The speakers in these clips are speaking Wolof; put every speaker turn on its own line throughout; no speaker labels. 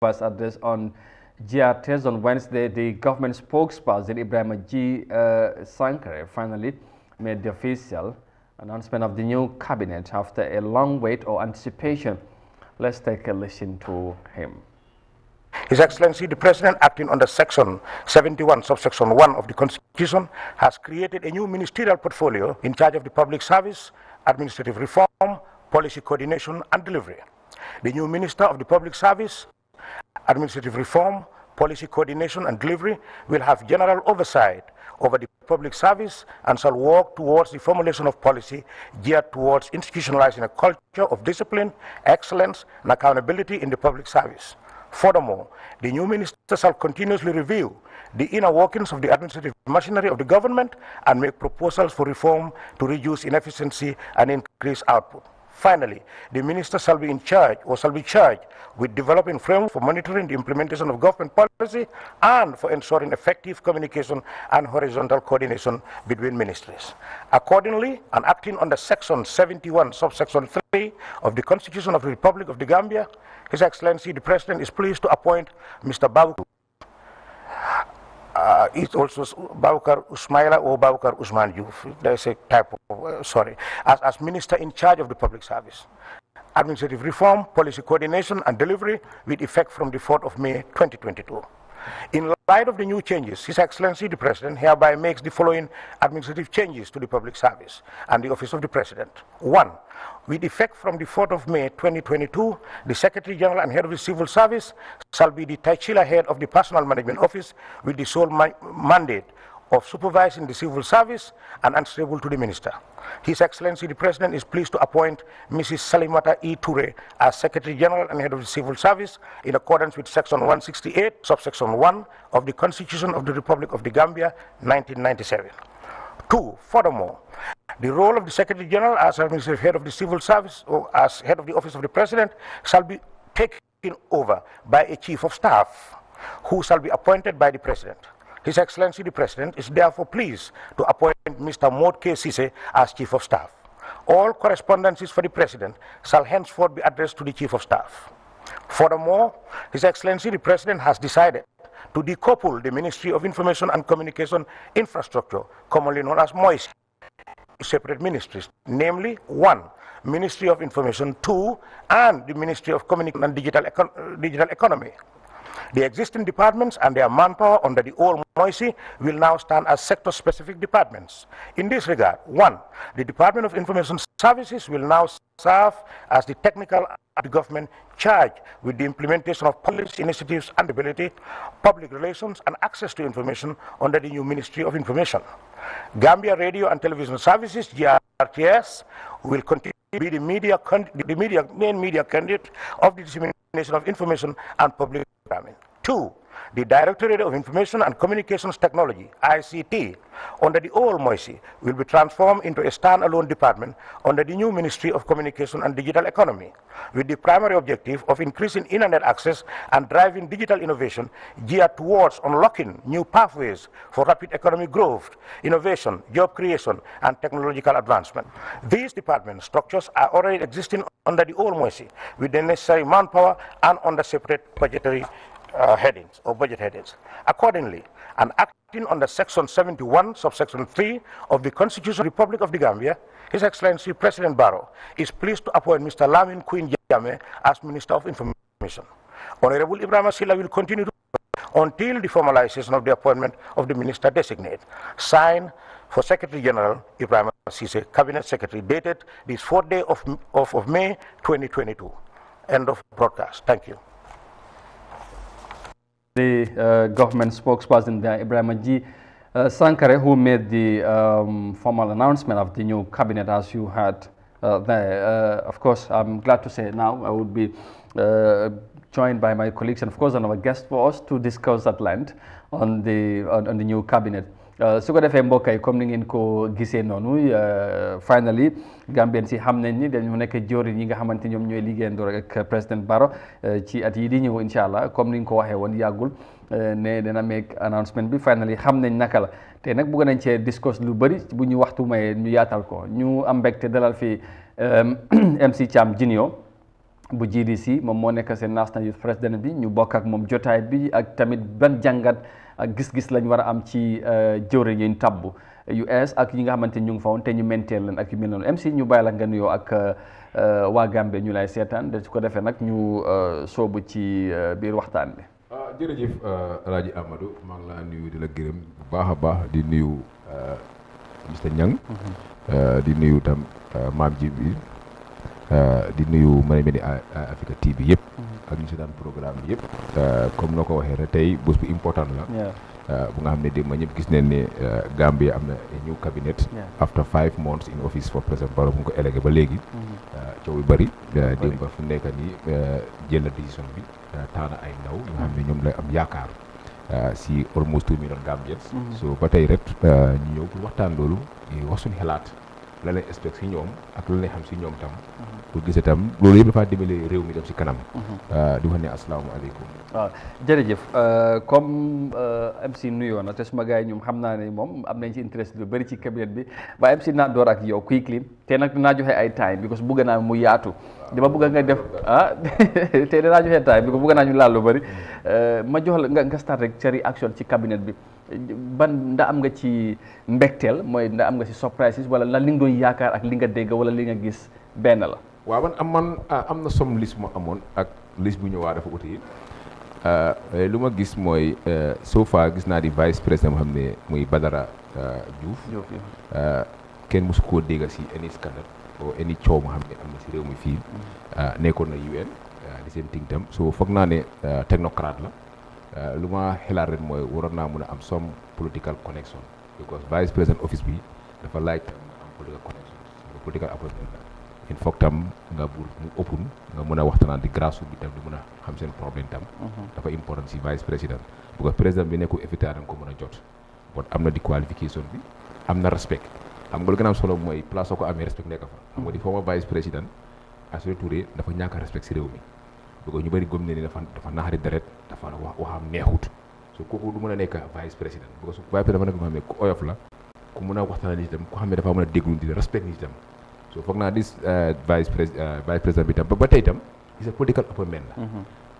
press address on GRTS on Wednesday, the government spokesperson Ibrahim G. Uh, Sankare finally made the official announcement of the new cabinet
after a long wait or anticipation. Let's take a listen to him. His Excellency the President, acting under Section 71, subsection 1 of the Constitution, has created a new ministerial portfolio in charge of the public service, administrative reform, policy coordination, and delivery. The new Minister of the Public Service administrative reform, policy coordination and delivery will have general oversight over the public service and shall work towards the formulation of policy geared towards institutionalizing a culture of discipline, excellence, and accountability in the public service. Furthermore, the new minister shall continuously review the inner workings of the administrative machinery of the government and make proposals for reform to reduce inefficiency and increase output. Finally, the minister shall be in charge or shall be charged with developing framework for monitoring the implementation of government policy and for ensuring effective communication and horizontal coordination between ministries. Accordingly, and acting under Section 71, subsection 3 of the Constitution of the Republic of the Gambia, His Excellency the President is pleased to appoint Mr. Babu uh, it's also Baukar Usmaila or Baukar Usman Youth. There's a typo, uh, sorry, as, as minister in charge of the public service. Administrative reform, policy coordination and delivery with effect from the 4th of May 2022. In light of the new changes, His Excellency the President hereby makes the following administrative changes to the public service and the office of the President. One, with effect from the 4th of May 2022, the Secretary General and Head of the Civil Service shall be the titular head of the Personal Management Office with the sole ma mandate of supervising the civil service and answerable to the minister. His Excellency the President is pleased to appoint Mrs. Salimata E. Toure as Secretary General and Head of the Civil Service in accordance with Section 168, subsection 1 of the Constitution of the Republic of the Gambia, 1997. Two, furthermore, the role of the Secretary General as Administrative Head of the Civil Service or as Head of the Office of the President shall be taken over by a Chief of Staff who shall be appointed by the President. His Excellency the President is therefore pleased to appoint Mr. Maud K. Sise as Chief of Staff. All correspondences for the President shall henceforth be addressed to the Chief of Staff. Furthermore, His Excellency the President has decided to decouple the Ministry of Information and Communication Infrastructure, commonly known as MOIS, separate ministries, namely one, Ministry of Information, two, and the Ministry of Communication and Digital, Econ Digital Economy. The existing departments and their manpower under the old MOISI will now stand as sector-specific departments. In this regard, one, the Department of Information Services will now serve as the technical the government charged with the implementation of policy initiatives and ability, public relations, and access to information under the new Ministry of Information. Gambia Radio and Television Services, GRTS, will continue to be the, media, the media, main media candidate of the dissemination of information and public programming. Two, the Directorate of Information and Communications Technology, ICT, under the old MOISI, will be transformed into a standalone department under the new Ministry of Communication and Digital Economy, with the primary objective of increasing internet access and driving digital innovation geared towards unlocking new pathways for rapid economic growth, innovation, job creation, and technological advancement. These department structures are already existing under the old MOISI with the necessary manpower and under separate budgetary uh, headings or budget headings. Accordingly, and acting under Section 71, subsection 3 of the Constitution of the Republic of the Gambia, His Excellency President Barrow is pleased to appoint Mr. Lamin Queen Jame as Minister of Information. Honorable Ibrahim Asila will continue until the formalization of the appointment of the minister designate. Signed, for Secretary General Ibrahim Sise, Cabinet Secretary, dated this fourth day of, of, of May 2022. End of broadcast. Thank you.
The uh, government spokesperson, Ibrahim G. Uh, Sankare, who made the um, formal announcement of the new cabinet, as you had uh, there. Uh, of course, I'm glad to say now I would be uh, joined by my colleagues and, of course, another guest for us to discuss at length on the, on, on the new cabinet. Euh, su ko defee mbokk yi comme ni ngeen ko gisee noonu euh, finally Gambien si xam nañ ni dañu nekk joorin ñi nga xamante ñoom ñooy liggéeyandoo ak président Barrow euh, ci at yi di ñëw incha allah comme ni nga ko waxee woon yàggul ne dana make announcement bi finally xam nañ naka la te nag bëgg nañ cee discuss lu bëri bu ñu waxtu mayee ñu yaatal ko ñu am mbégte dalal fii MC Cham Junior bu GDC moom moo nekk seen national youth president bi ñu bokk ak moom jotaay bi ak tamit ban jàngat. ak gis-gis lañ war a am ci euh, jëwriñ yi ñu tabbu yu es ak yi nga xamante ñu ngi fa te ñu menteel leen ak yu mel noonu MC ñu bàyyi la nga nuyoo ak euh, waa Gambie ñu lay seetaan de su ko defee nag ñu euh, soobu ci biir waxtaan bi. Ah, jërëjëf El Hadj Amadou
maa ngi laa nuyu di la gërëm bu baax a baax di nuyu Mr Niang. Mm-hmm. di nuyu tam maam ji bi Eh, di nuyu mari mel ni Africa TV yep mm-hmm. ak ñu ci seetaan programme yep euh comme nako waxe waxee tay tey bu important la euh bu nga xamné ne ma ñep gis nañ ni eh, gambie amna na new cabinet after 5 months in office for president Barrow bu ko élégué ba léegi mm-hmm. ciow yu bari démb ba fu nekk nii jël na décision bi taana ay ndaw ñu xamné ñom lay la am yaakaar si almost 2 million gambiens mm-hmm. so ba tay rek ñu ñew ku waxtaan lolu loolu wax suñu xalaat la lay expect ci ñom ak la lay xam ci ñom tam pour gis itam loolu yëpp dafaa dimbale réew mi dem si kanam. Mhm. di wax ne asalaamaaleykum.
waaw jërëjëf euh, comme euh, MC nuyoo na te suma gars yi ñoom xam naa ne moom am nañ ci interest lu bëri ci cabinet bi waaye MC naa door ak yow te nag dinaa joxe ay time because bëgg naa mu yaatu. dama bëgg nga def ah te dinaa joxe time bëgg naa ñu laal lu bëri euh, ma jox la nga start rek sa réaction ci cabinet bi. ban nda am nga ci mbégteel mooy nda am nga ci surprises wala la li nga doon yaakaar ak li nga dégg wala li nga gis benn la waaw man am man ah, am na somme liste amoon ak liste bu ñëwaa dafa uti
ah, lu ma gis mooy ah, sofa gis naa di vice président ma xam ne muy Badara Diouf kenn mosu koo déggal si any scandal o any coow ma ne am na si réew mi fii mm-hmm. nekkoon na UN di seen ting tam so foog naa ne technocrate la lu ma xelaat ren mooy waroon naa mun a am some political connection because vice président office bi dafa laaj am political connection political appointment il faut tam nga bul mu open nga mën a di grâce bi tam di mën xam seen problème tam mhm. dafa important si vice président bu ko président bi nekku éviter dañ ko mën jot bon amna di qualification bi amna respect xam nga lu gëna am solo moy place ko amee respect nekk fa xam nga di mhm. former vice président Assiré Touré dafa ñak respect si réew mi bu ko ñu bari gomné ni dafa dafa naari deret dafa wax waxam neexut so kooku du mën nekk vice président bu ko su vice président dafa ko amé ko oyof la ku mën a waxtaan itam ku xamé dafa mën déglu di respect ni itam so foog naa dis uh, vice uh, vice bi tam ba tey itam gis nga political appointment la.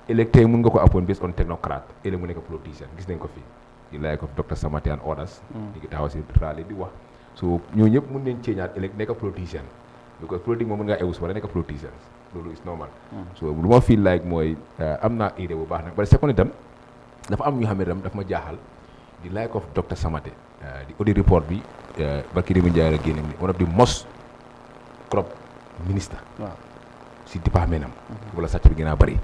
électé mm-hmm. mun nga ko appoint based on technocrate éle mu nekk politicien gis nañ ko fii di laaj ko docteur Samatian Odas. di mm. ngi taxaw si rally di wax. so ñoo ñëpp mun nañ ceeñaat élect nekk politicien because politique moom mën ngaa ewu suba da nekk politicien loolu is normal. Mm. so lu ma feel like mooy uh, am naa idée bu baax nag parce second itam dafa am ñu xam ne di laaj ko docteur Samate di bi barki Demba Ndiaye la trop ministre. waaw si département am. wala sàcc bi gën a bëri.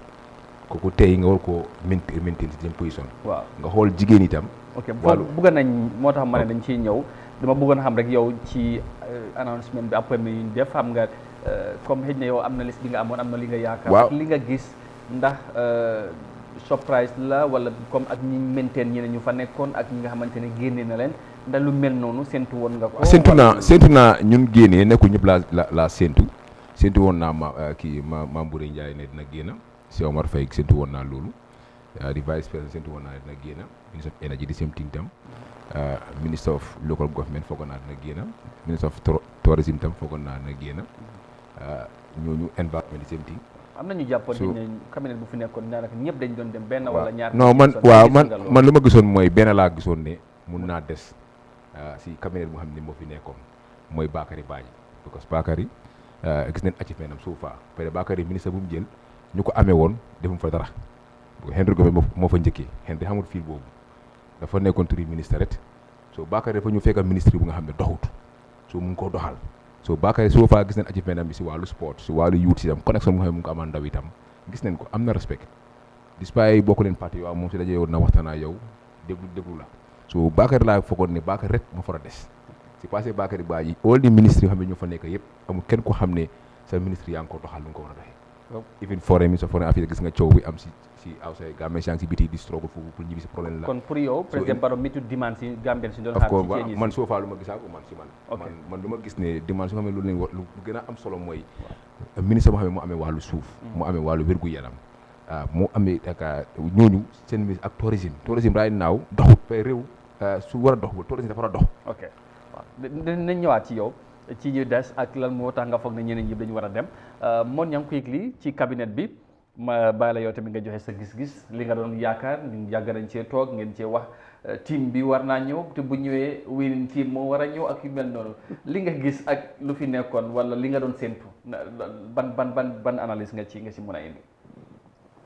kooku tey nga war ko mainti mainti si seen position. waaw nga xool jigéen itam. ok foofu
bëgg nañ moo tax ma ne oh. dañ ciy ñëw dama bëggoon xam rek yow ci euh, announcement bi après mi def xam nga euh, comme xëj na yow am na liste bi nga amoon am na li nga yaakaar. waaw li nga gis ndax. Euh, surprise la wala comme ak ñi mainteen ñi ne ñu fa nekkoon ak ñi nga xamante ne génne na leen. da lu noonu séntu woon nga ko. séntu naa séntu
naa ñun génnee nekkul ñëpp laa la laa séntu séntu woon naa ma euh, kii ma yi Bouré Ndiaye ne dina génn si Omar Faye séntu woon naa loolu euh, di vice président séntu woon naa ne dina génn ministre of energy di same thing tam euh, ministre of local government foogoon naa dina génn ministre of tourism tam foogoon naa dina génn ñooñu environment di same thing
am na ñu jàppoon ne cabinet bu fi nekkoon daanaka ñëpp dañ doon dem benn wala ñaar. non man waaw man man lu ma
gisoon mooy benn laa gisoon ne mun naa des. Euh, si cabinet bi nga xam ni moo fi nekkoon mooy Bakary Badji euh, parce que Bakary gis nañ actif maanaam suufa pare Bakary ministre bu mu jël ñu ko amee woon defum fa dara Henry Gomez moo fa njëkkee Henry xamul fil boobu dafa nekkoon turi ministre ret soo Bakary fa ñu fekka ministre bu nga xam ne doxut soo mu ngi ko doxal soo Bakary suufa gis nañ actif maanaam bi si wàllu sport si wàllu youth si itam connexion bu nga xam ne mu ngi ko itam gis nañ ko am na respect despite bokk leen parti yow moom si dajee woon na waxtaan ak yow déglu la so Bakary laa foogoon ne Bakary rek ma fara des c'est passé Bakary Ba yi all di ministres yoo xam ne ñoo fa nekk yëpp amul kenn ko xam ne sa ministre yaa ngi ko doxal lu nga ko war a doxee even foreign ministre foreign affaires gis nga coow bi am si si outside Gambie si biti di struggle foofu pour ñibbi si problème la kon pour yow président
Barrow mitu demande si Gambien si doon xaar si ñi man
soo faa lu ma gisaa ko man si man man man lu ma gis ne demande si nga xam ne lu leen lu gën a am solo mooy ministre boo xam ne moo amee wàllu suuf mm. moo amee wàllu wérgu yaram ah, moo amee ak ñooñu seen ministre ak tourisme tourisme right now doxut fay réew Euh, su war a dox bu tourisme dafa war a dox.
ok nañ ñëwaat ci yow ci ñu des ak lan moo tax nga foog ne ñeneen ñi dañu war a dem euh, Mon Young Quickly ci cabinet bi ma bàyyi la yow tamit nga joxe sa gis-gis li nga doon yaakaar ñun jàgg nañ cee toog ngeen cee wax euh, team bi war naa ñëw te bu ñëwee winning team moo war a ñëw ak yu mel noonu li nga gis ak lu fi nekkoon wala li nga doon séntu ban ban ban ban analyse nga ci nga ci mën a indi.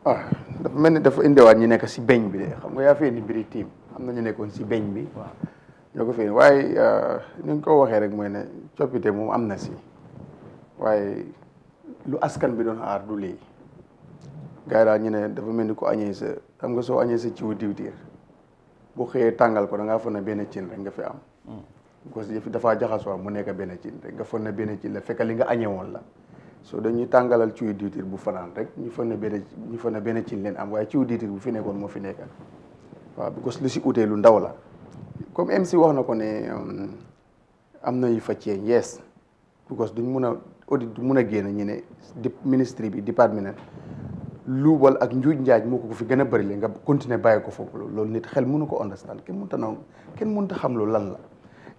ah dafa mel ni dafa indiwaat nekk si beñ
am na ñu nekkoon si beñ bi waaw ñoo ko fi waaye
euh, ni ñu ko waxee rek mooy ne coppite moom am na si waaye lu askan bi doon aar du lii gars yi daal ñu ne dafa mel ni ko añee sa xam nga soo añee sa ciwu diwtiir bu xëyee tàngal ko da ngaa foog ne benn cin rek nga fi am parce mm. que dafaa jaxasoo mu nekk benn cin rek nga foog ne benn cin la fekk li nga añee woon la so dañuy tàngalal ciwu diwtiir bu fanaan rek ñu fon na benn ñu foog ne benn cin leen am waaye ciwu diwtiir bu fi nekkoon moo fi nekk waaw because lu si utee lu ndaw la comme MC wax na ko ne um, am na yu fa ceeñ yes because duñ mun a audit du mun a génn ñu ne di ministry bi département luubal ak njuuj njaaj moo ko fi gën a bëri li nga continuer bàyyi ko foofu loolu nit xel munu ko understand kenn mënta naw kenn mënta xam lu lan la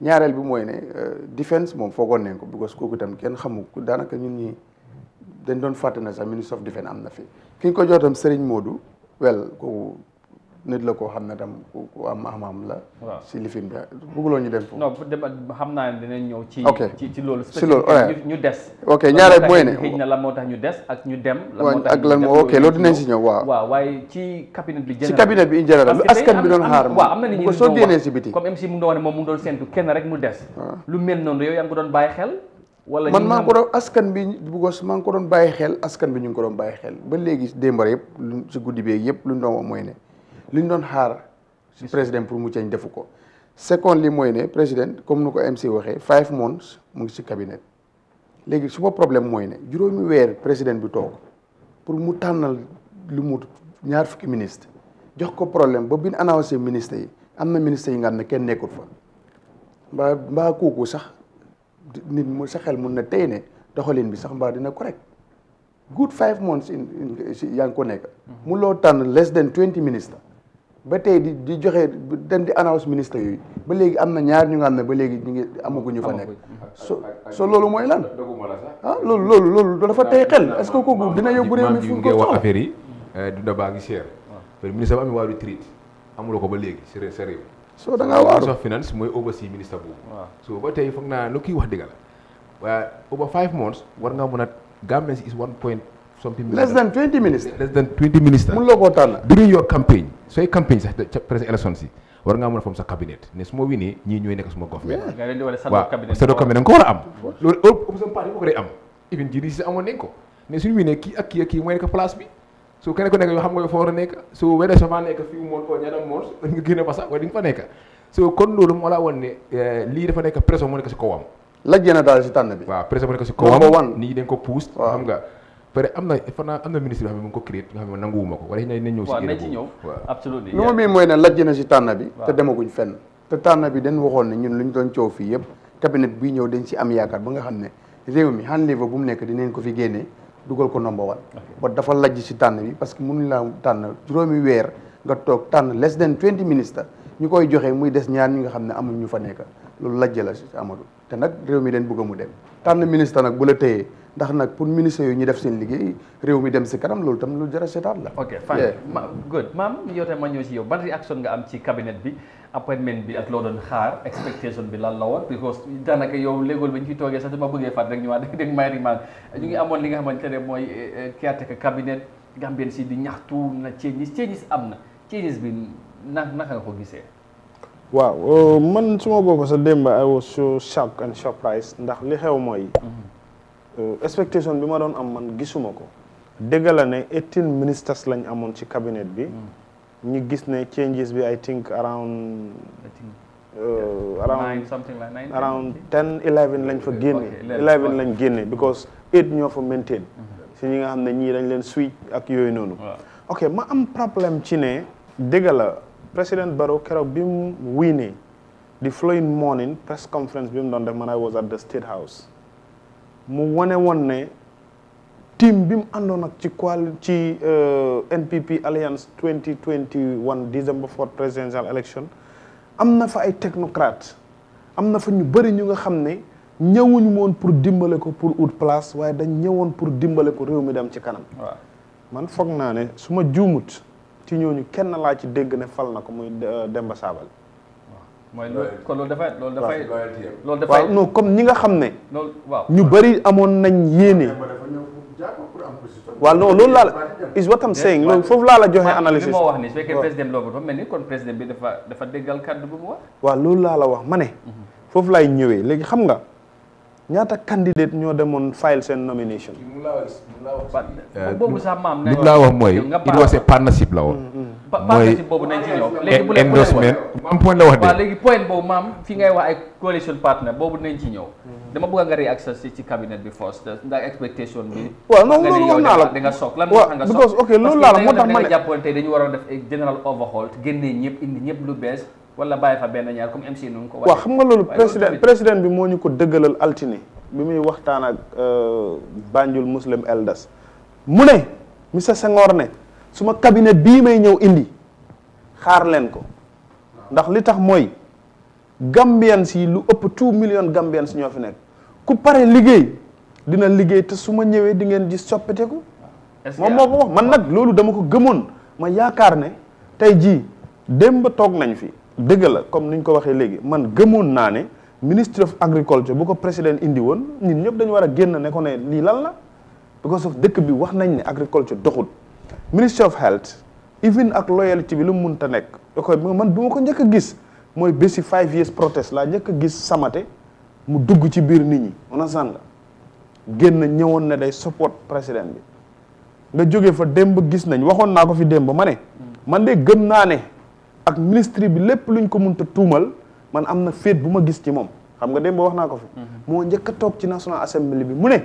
ñaareel bi mooy ne uh, defense moom foogoon nañ ko because kooku itam kenn xamu ko daanaka ñun ñi dañ doon fàtte na sax ministre of am na fi ki ñu ko jox itam moo du wel nit la ko xamne tam ku am am-am la. ci si lifin bi bëgguloo ñu dem foofu.
non xam xamna ne dinañ ñëw. ci ci ci loolu. ci loolu ñu dess ok ñaareel moy ne xëy la moo tax ñu dess ak ñu dem. la moo tax ak lan moo ok loolu dinañ ci ñëw waaw. waaw waaye ci cabinet bi. general ci cabinet bi in general lu askan bi doon xaar. waaw am na nit ñi soo génnee biti. comme MC mu doon wone mom mu doon sentu kenn rek mu dess ah. lu mel non yow yang ko doon baye xel. wala man maa ko doon
askan bi bu maa ngi ko doon baye xel askan bi ñu ko doon baye xel ba legi démb yëpp ci guddibe guddi lu ñu doon mooy ne li ñu doon xaar si président pour mu ceeñ defu ko second li mooy ne président comme nu ko MC waxee five months mu ngi si cabinet léegi su suma problème mooy ne juróomi weer président bi toog pour mu tànnal lu mu ñaar fukki ministre jox ko problème ba bi ñu annoncé ministre yi am na ministre yi nga xam ne kenn nekkul fa mbaa mbaa kooku sax nit mu sa xel mun na tey ne doxalin bi sax mbaa dina correct good five months in yaa ngi ko nekk. Mm-hmm. mu loo tànn less than twenty ministres ba tey di di joxe dem di annonce ministre yooyu ba léegi am na ñaar ñu nga xam ne ba léegi ñu ngi amaguñu fa nekk. so so loolu mooy lan. ah loolu loolu loolu dafa tey xel est-ce que kooku dina yóbbu réew mi fu
mu ko wax affaire yi euh, du dabaa ngi cher. parce que wàllu traite amuloo ko ba léegi si sa réew. soo da ngaa waaru soo finance mooy oversee ministre boobu. waaw so ba tey foog naa lu kii wax dëgg la waaye over five months war nga mun a Gambians is one point. less than 20 minutes less than 20 minutes Mulu loo during your campaign so your campaign sax president election si war ngaa mën a fam sa cabinet ne su ma ni ñii ñooy nekk suma government waaw sa cabinet nga ko war a am loolu opposition parti ko am even jiri si amoon nañ ko mais suñu winee kii ak kii ak kii mooy nekk place bi so kenn ku nekk yoo xam nga fa war a so wede so faa nekk fii moon ko ñaanam moon nga génne fa sax wala di fa so kon loolu moo laa ne eh, lii dafa nekk pression moo nekk si kawam lajjee na daal si tànn bi waaw pression moo nekk si kawam push ñi dañ ko pousse xam nga pare am na fana am na ministre yoo xam ne mu ngi ko créé nga xam ne nanguwuma ko wala nañ ñëw si waaw nañ ci
ñëw mooy ne lajj na
si tànn bi te demaguñ fenn te tànn bi dañ waxoon ne ñun lu ñu doon
coow fii yëpp cabinet bii ñëw dañ si am yaakaar ba nga xam ne réew mi hand niveau bu nekk dinañ ko fi génne dugal ko number one ba dafa lajj si tànn bi parce que mënuñ laa tànn juróomi weer nga toog tànn less than twenty ministres ñu koy joxee muy des ñaar ñi nga xam ne amuñ ñu fa nekk loolu lajj la si Amadou te nag réew mi dañ bëgg mu dem tànn ministre nag bu la teyee ndax nak pour ministre yooyu ñi def seen liggéey réew mi dem ci karam loolu tam lu jara sétat la. ok fine
ma good maam yoté ma ñëw ci yow ban réaction nga am ci cabinet bi appointment bi ak lo doon xaar expectation bi lan la war because danaka yow légol bañ ci togué sax dama bëggé fat rek ñu wax dégg dégg may rimaan ñu ngi amone li nga xamantene moy mooy caretaker eh, eh, cabinet gambien si di ñaxtu na changes changes amna na changes bi nak naka nga ko gisee.
waaw oh, man suma bopp sa demba I was so shocked and surprised ndax li xew mooy. Mm-hmm. Euh, expectation bi ma doon am man gisuma ko dëgg la ne eighteen ministers lañ amoon ci cabinet bi hmm. ñu gis ne changes bi I think around euh, around around ten eleven lañ fa génne eleven lañ génne because eight ñoo fa maintain hmm. si ñi nga xam ne ñii lañ leen switch ak yooyu noonu ok ma am problème ci ne dëgg la président Barrow keroog bi mu wiinee di following morning press conference bi mu doon def man I was at the State House mu wane woon ne team bi mu àndoon ak ci qual ci euh, NPP alliance 2021 December for presidential election am na fa ay technocrate am na fa ñu bëri ñu nga xam ne ñëwuñ woon pour dimbale ko pour ut place waaye dañ ñëwoon pour dimbale ko réew mi dem ci kanam. man foog naa ne su ma juumut ci ñooñu kenn laa ci dégg ne fal na ko muy euh, Demba Saabal.
mooy loolu kon loolu dafay loolu dafay.
loolu dafay waaw non comme ñi nga xam ne. loolu waaw ñu bëri amoon nañ yéene.
waaw non loolu laa la is what am saying foofu laa la joxe analysis. li ma wax nii su fekkee président loolu dafa mel ni kon président bi dafa dafa déggal kàddu bu mu wax.
waaw laa la wax ma ne. Mhm. foofu laay ñëwee léegi xam nga. ñaata candidate ñoo demoon file seen nomination.
Euh, boobu sax maam. li mu laa wax mooy. it was a partnership la woon. Mm-hmm. partnership boobu nañ ci ñëw. léegi bu endorsement point la wax de. waaw léegi point boobu maam fi ngay wax ay coalition partner boobu nañ ci ñëw. Mm-hmm. dama bëgg nga réaction si ci cabinet bi first ndax expectation bi. waaw non non non naa la da nga soog lan moo tax nga soog. ok loolu laa la moo tax ma ne parce que da nga jàppoon tey dañu waroon def général overhaul génnee ñëpp indi ñëpp lu bees. wala bàyyi fa benn ñaar comme MC nu ko. waaw xam nga loolu président
président bi moo ñu ko dëggalal altine bi muy waxtaan ak euh, Banjul Muslim Elders Mune, ne monsieur Senghor ne suma cabinet bii may ñëw indi xaar leen ko ndax li tax mooy Gambians yi lu ëpp 2 million Gambians ñoo fi nekk ku pare liggéey dina liggéey te suma ma ñëwee di ngeen gis soppeteku. moom moo ko wax man nag loolu dama ko gëmoon ma yaakaar ne tey jii démb toog nañ fi dëgg la comme niñ ko waxé légui man gëmoon na né ministre of agriculture bu ko président indi won nit ñëpp dañu wara genn né ko né li lan la because of dëkk bi wax nañ né agriculture doxul ministry of health even ak loyalty bi lu mu mënta nek ko man bu ko gis moy bési five years protest la ñëk gis samate mu dugg ci biir nit ñi on asaan la génn day support président bi nga joggé fa demb gis nañ waxon na ko fi demb mané man dé gëm na né ak ministre bi lépp luñ ko mënta tuumal man am na féet bu ma gis ci moom xam nga démb wax naa ko fi. Mhm. moo njëkk a toog ci national assembly bi mu ne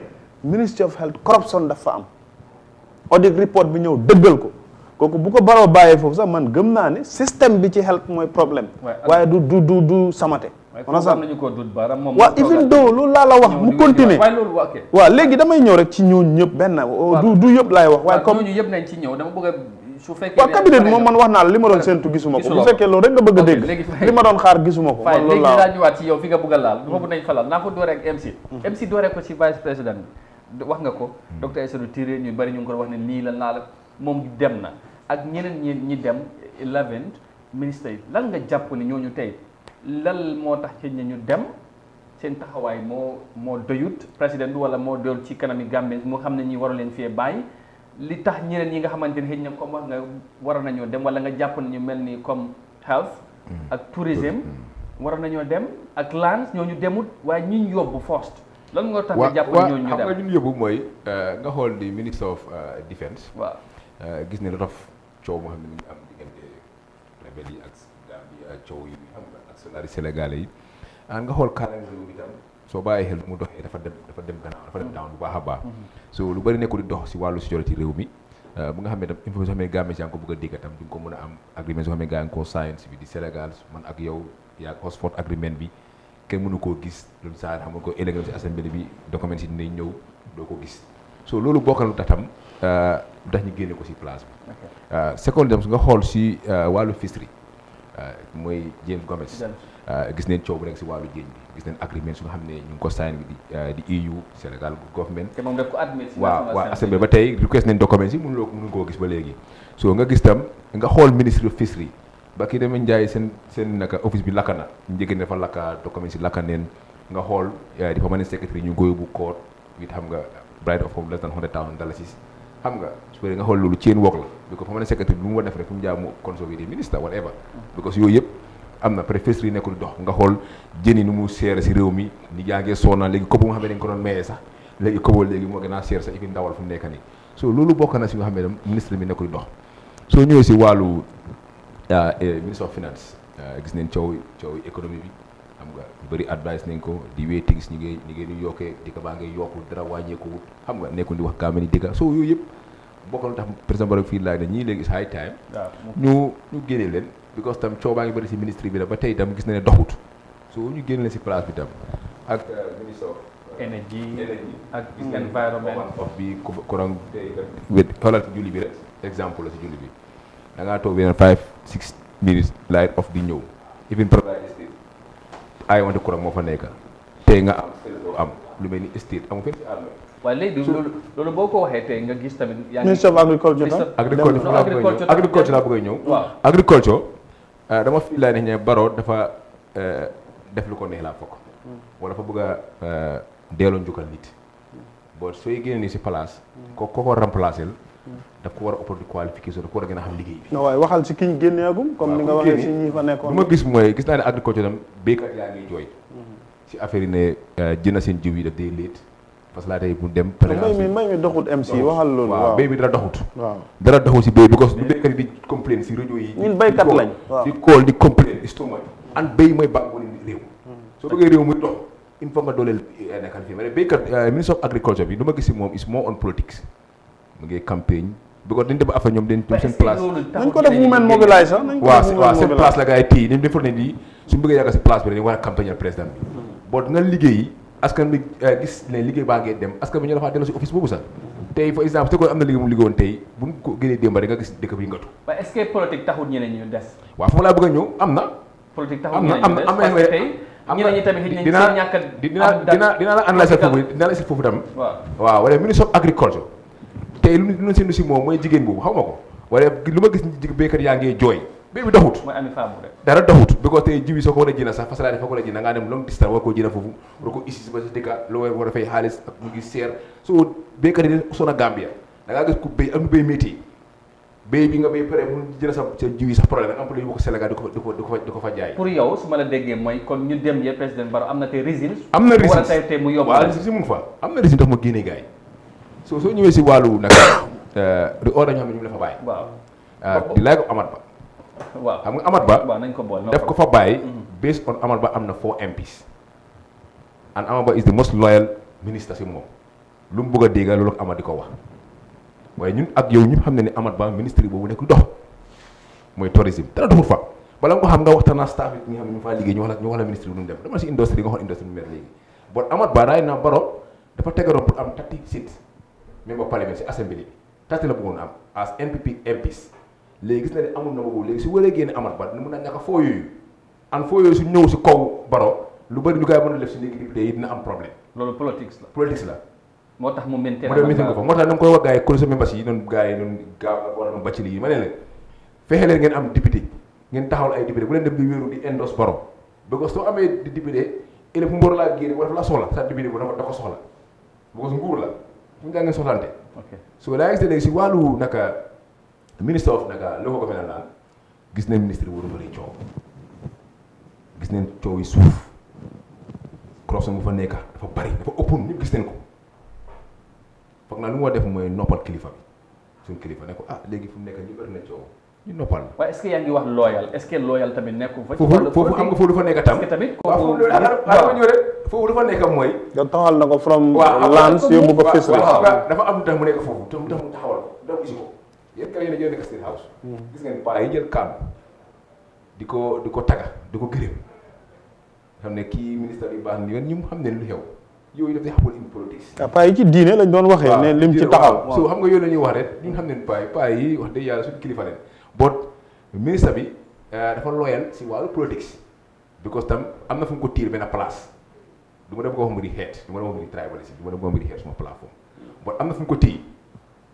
ministry of health corruption dafa am audit report bi ñëw dëggal ko ko bu ko baroo bàyyee foofu sax man gëm naa ne système bi ci health mooy problème. waaye du du du du samate. on a nañu
ko dut baaraam moom waaw even
though loolu laa la wax mu continuer waaw léegi damay ñëw rek ci ñooñu ñëpp benn du du yëpp laay wax waaye comme
ñooñu yëpp nañ su fekkee waaw cabinet bi ma
doon loolu rek nga bëgg a dégg li ma doon xaar gisuma ko man loolu laa léegi
ñëwaat ci yow fi nga bëgg a laal boobu nañ falal naa ko dooree ak MC MC hmm. dooree ko ci vice président wax nga ko hmm. docteur Aïssatou Touré ñu bari ñu ngi ko wax ne la naa la moom dem na ak ñeneen ñi ñi dem eleventh ministre yi lan nga jàpp ni ñu tey lan moo tax ci ñu dem seen taxawaay moo moo doyut président bi wala moo doyul ci kanami Gambie moo xam ne ñi waru leen fee bàyyi li tax ñeneen yi nga xamante ni xëy na comme wax nga waroon nañoo dem wala nga jàpp nañu mel ni comme health mm. ak tourisme mm. waroon nañoo dem ak lands ñooñu demut waaye ñi ñu yóbbu forced lan nga tax nga jàpp ñooñu ñu dem xam nga
ñu yóbbu mooy euh, nga xool di minister of euh, defence waaw euh, gis ne lot of coow moo xam ne ñu am diggante rebelle yi ak Gambie coow yi xam nga ah, xool kalango soo bàyyi xel mu doxee dafa dem dafa dem gannaaw baax a baax so lu bëri nekkul di dox si wàllu sécurité réew mi euh, bu nga xam tam information xam ne gaa si ko bëgg a dégg tam di nga ko mën a am agreement soo xam ne gaa ngi ko bi di Sénégal man ak koo gis loolu saa xam nga ko élégal si assemblée bi document si dinañ ñëw doo ko gis so loolu bokkal lu tax tam lu euh, tax ñu génne ko si place bi euh, second dem su nga xool si wàllu fishery mooy James Gomez Euh, gis neen coow bu nekk si wàllu géej bi gis neen agreement su nga xam ne ñu ngi ko signé di euh, di EU Sénégal government te moom daf ba tey request neen documents yi mënuloo mënu koo gis ba léegi so nga gis tam nga xool ministre of fishery ba kii demee Njaay seen seen naka office bi lakka na njëgéen dafa lakka documents yi lakka neen nga xool euh, di permanent secretary ñu ngi ko yóbbu court wit xam nga bride of home less than hundred thousand dollars xool loolu chain work la because permanent secretary bi mu war def rek fu mu jaar mu console with the yooyu yëpp am na peut être fesri dox nga xool jëni nu mu seere si réew mi ni yaa ngee soona léegi kobo nga xam ne dañ ko doon maye sax léegi kobo léegi moo gën a seer sax ifi ndawal fu mu nekk nii so loolu bokk na si nga xam ne ministre bi nekkul dox soo ñëwee si wàllu ah, eh, ministre of finance ah, gis neen coow coow économie bi xam nga bëri advice nañ ko di wee tigis ñi ngay ñi ngay di yokkee di ko baa ngay yokku dara wàññeeku xam nga nekku di wax gaa ni dëgga soo yooyu yëpp bokk na tax président Barrow fii laaj na ñii léegi high time. ñu ñu génne leen. because tam coow baa ngi bëri si ministre bi la ba tey tam gis na ne doxut so ñu génne leen si place bi tam ak uh, ministre uh, énergie ak hmm. environnement of bi courant wét xoolal si julli bi rek exemple la si julli bi da toog five six minutes light off di ñëw even ay wante courant moo fa nekk tey nga am lu mel ni state amu fenn
waaye léegi loolu boo ko waxee tey nga gis tamit. yaa ngi ministre of agriculture agriculture agriculture laa bëgg a ñëw. waaw
agriculture euh, dama fi laa ne Barrow dafa euh, def lu ko neex laa foog. Hmm. wala dafa bëgg a euh, delloo njukkal nit. bon sooy génne nii si place. Hmm. ko ko ko remplacer hmm. daf ko war a ëpp qualification daf ko war a gën a xam liggéey
bi. waaye waxal si kiñ génneegum. comme ni nga waxee si ñi fa nekkoon. lu ma gis
mooy gis naa ne agriculture tam béykat yaa ngi jooy. si affaire yi seen jiw parce que laa bu dem. prévention
mbay mi mbay MC waxal loolu. waaw mbay mi dara doxut.
waaw si béy bi parce que béykat yi di complain si rajo yi. ñun béykat lañ di kool di complain estomac. an béy mooy bànqoo ni réew. Hmm. soo bëggee réew muy dox il faut nga dooleel eh, nekkal fii mais béykat eh, ministre of agriculture bi du ma gis si is more on politics mu ngi campagne. bi ko dañ dem affaire ñoom dañ dem seen place. nañ ko def women mobilize sax nañ ko def waaw seen place la gars yi téye nañ defoon nañ lii suñu bëggee si place bi dañu war campagne président bi. Hmm. boo nga liggéey askan bi euh, gis ne liggéey baa ngee dem askan bi ñu dafaa dellu si office boobu sax tey par exemple su fekkoon am na liggéey mu liggéeyoon tey bu ñu ko gënee démb rek nga gis dëkk bi ngatu
waaye est-ce que politique taxul ñeneen ñu des waaw fa mu laa bëgg a ñëw am na politique taxul ñeneen ñu des am na am na tey ñeneen ñi tamit dinañ seen ñàkk dinaa
dinaa dinaa la analyser foofu dinaa la si foofu tam waaw wala ministre of agriculture tey lu ñu seen si moom mooy jigéen boobu xaw ma ko wala lu ma gis béykat yaa ngee jooy ɓeɓi dohut ami rek dara dohut ko tay jiwi soko wona jina sax sa fasalade fof la jina nga dem lom distance wako jina fofu wonko isis ba dika lower wara fay halis ak mu ngi ser so be kadi sona gambia da nga gis ku bey am bey meti bey bi nga bey pare mu jina sax ci jiwi sax problème am problème ko sénégal diko diko diko diko fa jaay pour
yow suma la déggé moy kon ñu dem ye ya président baro amna tay résil amna résil wala tay té mu yob wala
résil mu fa amna résil tax mo guiné gaay so so ñu wé ci walu nak euh du or dañu am ñu la fa bay waaw euh di lay ko amat waaw xam nga Amat Ba. waaw nañ ko boole def ko fa bàyyi. based on Amat Ba am na four MPs. and Amat Ba is the most loyal minister si moom lu mu bëgg a dégg loolu ak Amat di ko wax waaye ñun ak yow ñëpp xam ne ne Amat Ba ministre boobu nekk dox mooy tourisme dara duxul fa bala nga ko xam nga waxtaan naa staff yi nga xam ne ñu faa liggéey ñu wax la ñu wax la ministre bi nu mu dem dama si industrie nga xool industrie mu mel léegi bon Amat Ba raay naa baro dafa tegaroon pour am thirty seats member si assemblée bi thirty la bëggoon am as NPP léegi gis na ne amul na boobu léegi su waree génne Amath Ba mun na ñàkk a foo yooyu an foo yooyu su ñëw si kaw baro lu bëri ñu koy mën a def si léegi député yi am problème. loolu politique la moo tax mu mainten mu dem meeting ko fa moo tax da nga koy wax gars yi kon sa membres yi noonu gars yi noonu gaaw war lii ma ne leen fexe leen ngeen am député ngeen taxawal ay député bu leen dem di wéeru di endos baro because soo amee di député élève laa génne wala dafa la soxla sa député bu dafa la fu mu so daa gis ministre of nag loo ko mel naan gis nañ ministre waru bëri coow gis nañ coow yi suuf corruption bu fa nekka dafa bari dafa ëppoon ñëpp gis nañ ko naa lu mu def mooy noppal ne ko ah léegi fu mu nekk ñu bëri na coow ñu
wax loyal est tamit nekkul fa foofu foofu am nga foofu lu fa nekk tam tamit foofu lu nekk mooy nga taxawal na ko from lands yóbbu ko fis dafa am lu tax
mu nekk foofu te mu ko yéen kër yi dañoo nekk seen house. Hmm. gis ngeen paa yi jël kàddu di ko di ko tagga di ko gërëm xam ne kii minister bi
baax na ñu xam ne lu xew yooyu dafay xamul une politique. waaw ah, paa yi ci diine lañ doon waxee. ne lim ci taxaw soo
xam nga yooyu la ñuy wax rek ñu xam ne paa yi paa yi wax dëgg yàlla suñu kilifa leen boot bi eh, dafa looyal si wàllu politique because tam am na fu ko tiir benn place du ma dem ko wax mu di xeet ma dem ko wax mu di tribalisme ma dem ko wax mu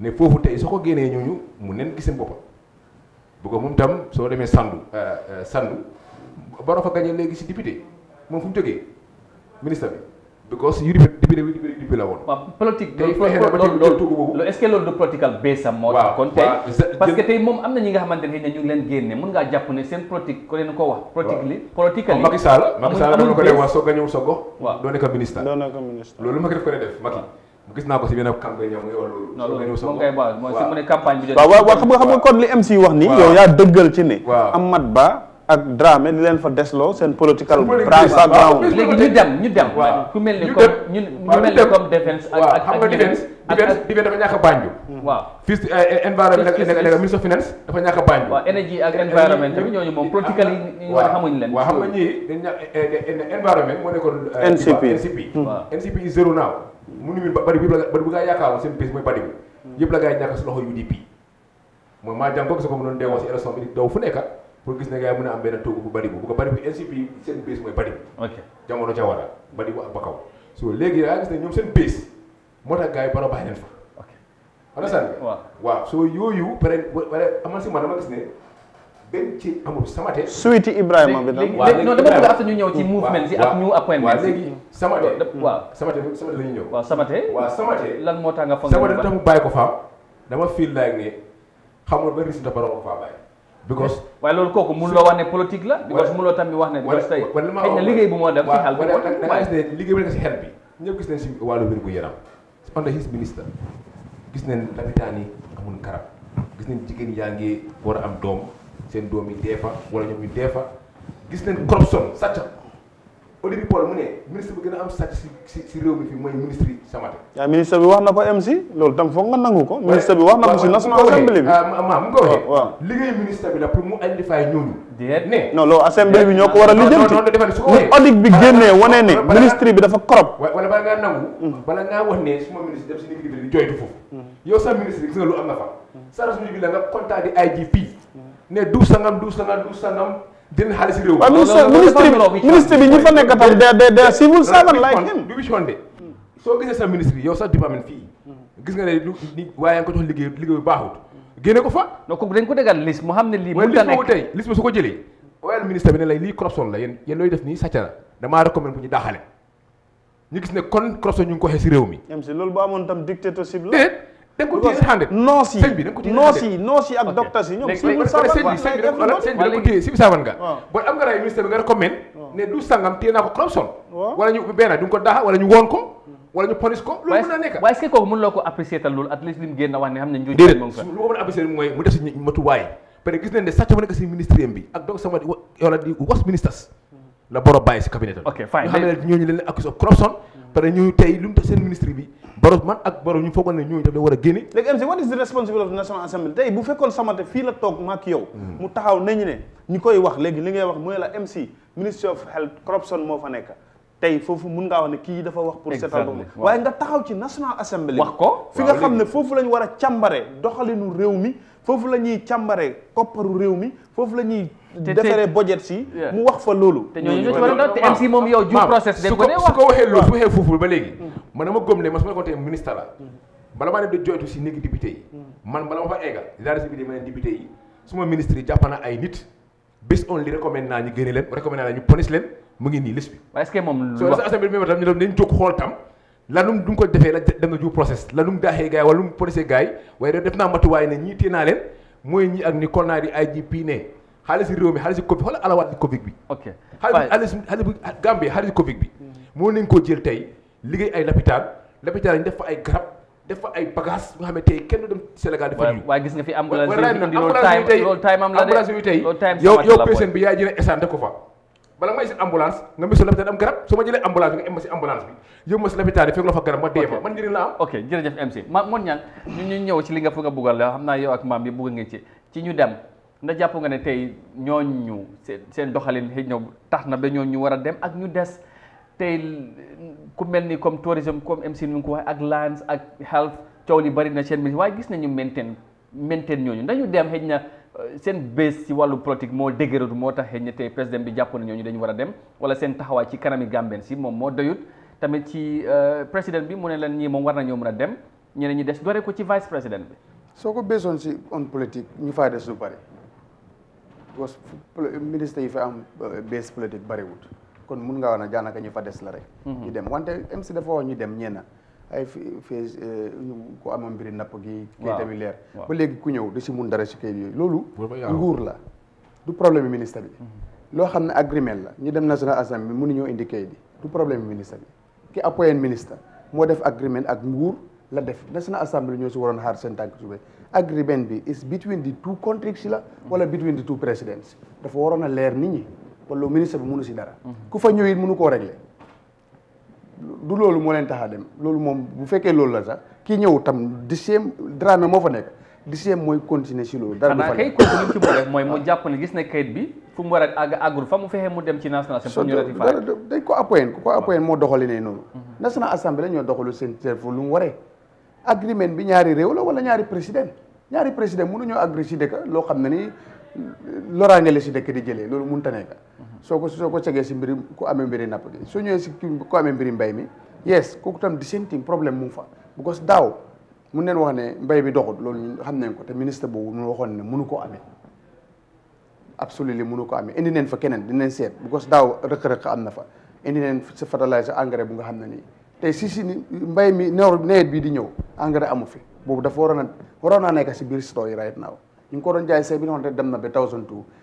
ne fofu tay soko gene génnee ñooñu mu neen gis seen bu ko mum tam so deme sandu eh, eh, sandu baro fa gagne legi ci député moom fu mu jógee
ministre bi because yu député député député député la won politique day fexe na ba tey loolu loolu est ce que lool de political base am moo kon tay parce que tay mom amna ñi nga xamanteni ne ñu ngi leen génne mën nga japp ne sen politique ko leen ko wax. politique li politique li Macky Sall Macky Sall ko leen wax kan soo
gagné soo gox. waaw doo nekk ministre. doo nekk ministre loolu Macky daf ko def Macky. gis naa ko si benn campagne ñoom
mu ne campagne bi. waaw waaw
xam nga xam nga kon li MC wax nii. yow yaa dëggal ci ne. waaw Amat Ba ak Dramé li leen fa desloo seen. political branch background léegi ñu dem
ñu dem. waaw ku mel ni comme ñu ñu mel ni comme défense. ak ak xam dafa ñàkk a bànju. waaw fii ak ministre finance a
NCP NCP. waaw NCP eh, eh, eh, mm-hmm. zéro mënuñu bari bi bari bu gaa yaakaaroon seen bés mooy bari bi mm. yëpp la gaa yi ñàkk si loxo UDP mooy maa jàng ko sa ko mu doon deewoo gis ne gaa yi mën a am benn toogu bu bari bu bu NCP seen bés mooy bari jamono ca war a bari bu ak bakaw so léegi yaa gis ne ñoom seen bés moo tax gaa yi bara baax leen fa understand waaw soo yooyu pare pare amal si man dama gis ne benn ci amul Samaté. suite Ibrahima bi nag. waaw non dama bëgg ñu ñëw ci movement yi ak ñu appointment. waaw léegi Samaté. waaw Samaté hmm, Samaté lan moo tax nga foog Samaté tax ko faam dama feel like ne xamul ba risque dafa ko faa bàyyi. because waaye
loolu kooku mun loo wax ne politique la. because mun loo tam wax ne. wala wala ma liggéey bu moo dem. ci xel bi waaw da si xel bi. ñëpp gis nañ
si wàllu wér gu yaram. under his minister gis nañ lapitaan yi amul garab gis nañ jigéen yaa ngi war a am doom seen doom yi dee fa wala ñoom ñu dee fa gis nañ corruption sàcc Olivier Paul mu ne ministre bi gën a am sàcc si réew mi fii mooy ministre yi Samaté.
waaw ministre bi wax na fa MC loolu ko. na ko si national assembly bi. waaw ko waxee waaw liggéey assembly bi ñoo ko war a lijjanti. ni audit bi génnee wane ne. ministre bi dafa
korop. wala bala ngaa nangu. Mm. bala ngaa wax ne suma ministre dem si liggéey bi di joytu foofu. Mm. yow sa ministre gis nga lu am na fa. Mm. sa responsabilité la nga contacté IG fii ne du sangam du sangam du sangam jënd xaalis réew. loolu ah, ministre bi ñu fa
nekk tam de de de civil servant laay
kenn du mission de soo gisee sa ministre yow sa département fii gis nga ne ni waaye nga ko jox liggéey liggéey bu baaxut génne ko fa. donc dañ ko déggal liste mu xam ne lii. mënut a nekk su ko jëlee. oyal ministre bi ne lay lii corruption la yéen yéen looy def nii sàcc na damaa recommande bu ñu daaxale ñu gis ne kon corruption ñu ngi mi.
même si loolu bu da nga ko téye hande noos yi sëñ bi da nga ko téye noos yi noos yi ak docteur si ñoom suñu saban sëñ bi sëñ bi da nga
ko téye si bi saban nga
booy am nga ray ministère bi nga recommande ne du sangam téye naa ko xorom sol
wala
ñu benn du nga ko daaxa wala ñu woon ko wala ñu police ko loolu mën naa nekk waaye est-ce que kooku mën loo ko apprécier tal loolu at least lim génn wax ne xam ne njuuj déedéet lu ko mën a apprécier mooy mu def si matuwaay parce que gis nañ ne sàcc ma nekk si ministère bi ak donc sama yola di was ministres la boro bàyyi si cabinet ok fine ñu xam ne ñooñu
leen accuse of corruption parce que ñu tey lu mu tax seen ministre bi Barrow man ak Barrow ñu foogoon ne ñooñu daf la war a génne. léegi MC what is the responsibility of the National Assembly tey bu fekkoon Samanté fii la toog ma yow. mu taxaw nañu ne ñu koy wax léegi li ngay wax mooy la MC Ministry of Health corruption moo fa nekk. tey foofu mun ngaa wax ne kii dafa wax pour setal boobu waaye nga taxaw ci National Assembly wax ko fi nga xam ne foofu la ñu war a càmbare doxalinu réew mi foofu la ñuy càmbare kopparu réew mi foofu la ñuy defaree budget si mu wax fa loolu te
a doon te MC moom
yow due process de ko ne wax su ko waxee loolu su waxee foofu ba léegi mm. man dama gëm ne ma su ma nekkoon ministre la bala maa dem di joytu si néegi député yi mm. man bala ma fa eggal di daal si ma ne député yi suma ministre yi jàpp na ay nit bés on li recommande naa ñu génne leen recommande naa ñu ponis leen mu ngi nii liste bi est-ce sa assemblée bi tam ñu dem nañ jóg xool tam lanum du ko defee la dem na ju process lanum daaxee gars yi wala def xaalis réew mi xaalis Covid xoolal alawaat Covid bi. ok xaalis xaalis xaalis bu Gambie xaalis Covid bi. moo nañ koo jël tey liggéey ay lapitaan lapitaan yi def fa ay garab def fa ay bagages nga xam tey kenn du dem Sénégal. dafa nuyu waaye gis tey yow yow bi yaa jëlee essence ko fa. bala may si ambulance nga mis lapitaan am garab su ma jëlee ambulance
nga em ma si ambulance bi yóbbu ma si lapitaan fekk la fa garab ma dee ma man njëriñ la am ok jërëjëf MC ma ñaan ñu ñu ñëw ci li nga fa nga nda jàpp nga ne tey ñooñu seen seen doxalin xëy na tax na ba ñooñu war a dem ak ñu des tey ku mel ni comme tourisme comme MC nu ko waxee ak lands ak health coow li bari na seen ministre waaye gis nañu maintain maintain ñooñu ndañu dem xëy na euh, seen bés ci wàllu politique moo dëgëratu moo tax xëy na tey président bi jàpp na ñooñu dañu war a dem wala seen taxawaay ci kanami Gambien si moom moo doyut tamit ci euh, président bi mu ne leen ñii moom war nañoo mën a dem ñeneen ñi des dore ko ci vice président bi.
soo ko on politique ñu fay des parce que ministre yi fa am eh, base politique bariwut kon mun nga wax ne daanaka ñu fa des la rek. Mhm. ñu dem wante MC dafa wax ñu dem ñeena ay fee eh, ku amoon mbiri napp gi. waaw kayit tamit leer. ku ñëw du si mun dara si kayit yooyu loolu. nguur la du problème ministre bi. Mhm. loo xam ne agreement la ñu dem national assembly mënuñoo indi kayit bi du problème ministre bi ki appoyen ministre moo def agreement ak nguur la def national assembly ñoo si waroon xaar seen tànk suufee. agreement bi is between the two countries la wala between the two presidents dafa waroon a leer nit ñi wala ministre bi mënu si dara ku fa ñëw it mënu koo régler du loolu moo leen tax a dem loolu moom bu fekkee loolu la sax kii ñëw tam di seem drame moo fa nekk di seem mooy continuer si loolu dara du fa nekk
xanaa mu jàpp ne gis na bi mu war a àgg àggul fa mu mu dem ci national assemblée ñu ratifié
dañ ko appoyen ku ko appoyen moo doxali ne noonu mhm. national assemblée ñoo doxalu seen teer fu lu mu waree agreement bi ñaari réew la wala ñaari président ñaari président mënu agré si dëkk lo xam ne ni loraange la ci dekk di jëlé lolu mën tané ka soko soko ko ci si ku amé mbiri napp gi su ñëw ci ku amé mbiri mbay mi yes ku tam di problem problème mu fa bu because daw mën neen wax né mbay bi doxut lolu xamné ko te ministre boobu mu waxon né mënu ko amé absolument mënu ko amé indi neen fa keneen dineen sét because ko daw rek rek amna fa indi neen ci fertilizer engrais bu nga xamné ni tey si si mbay mi noor neet bi di ñew engrais amu fi bobu dafa warona warona nek ci bir store right now ñu ko doon jaay sey bi nga dem na be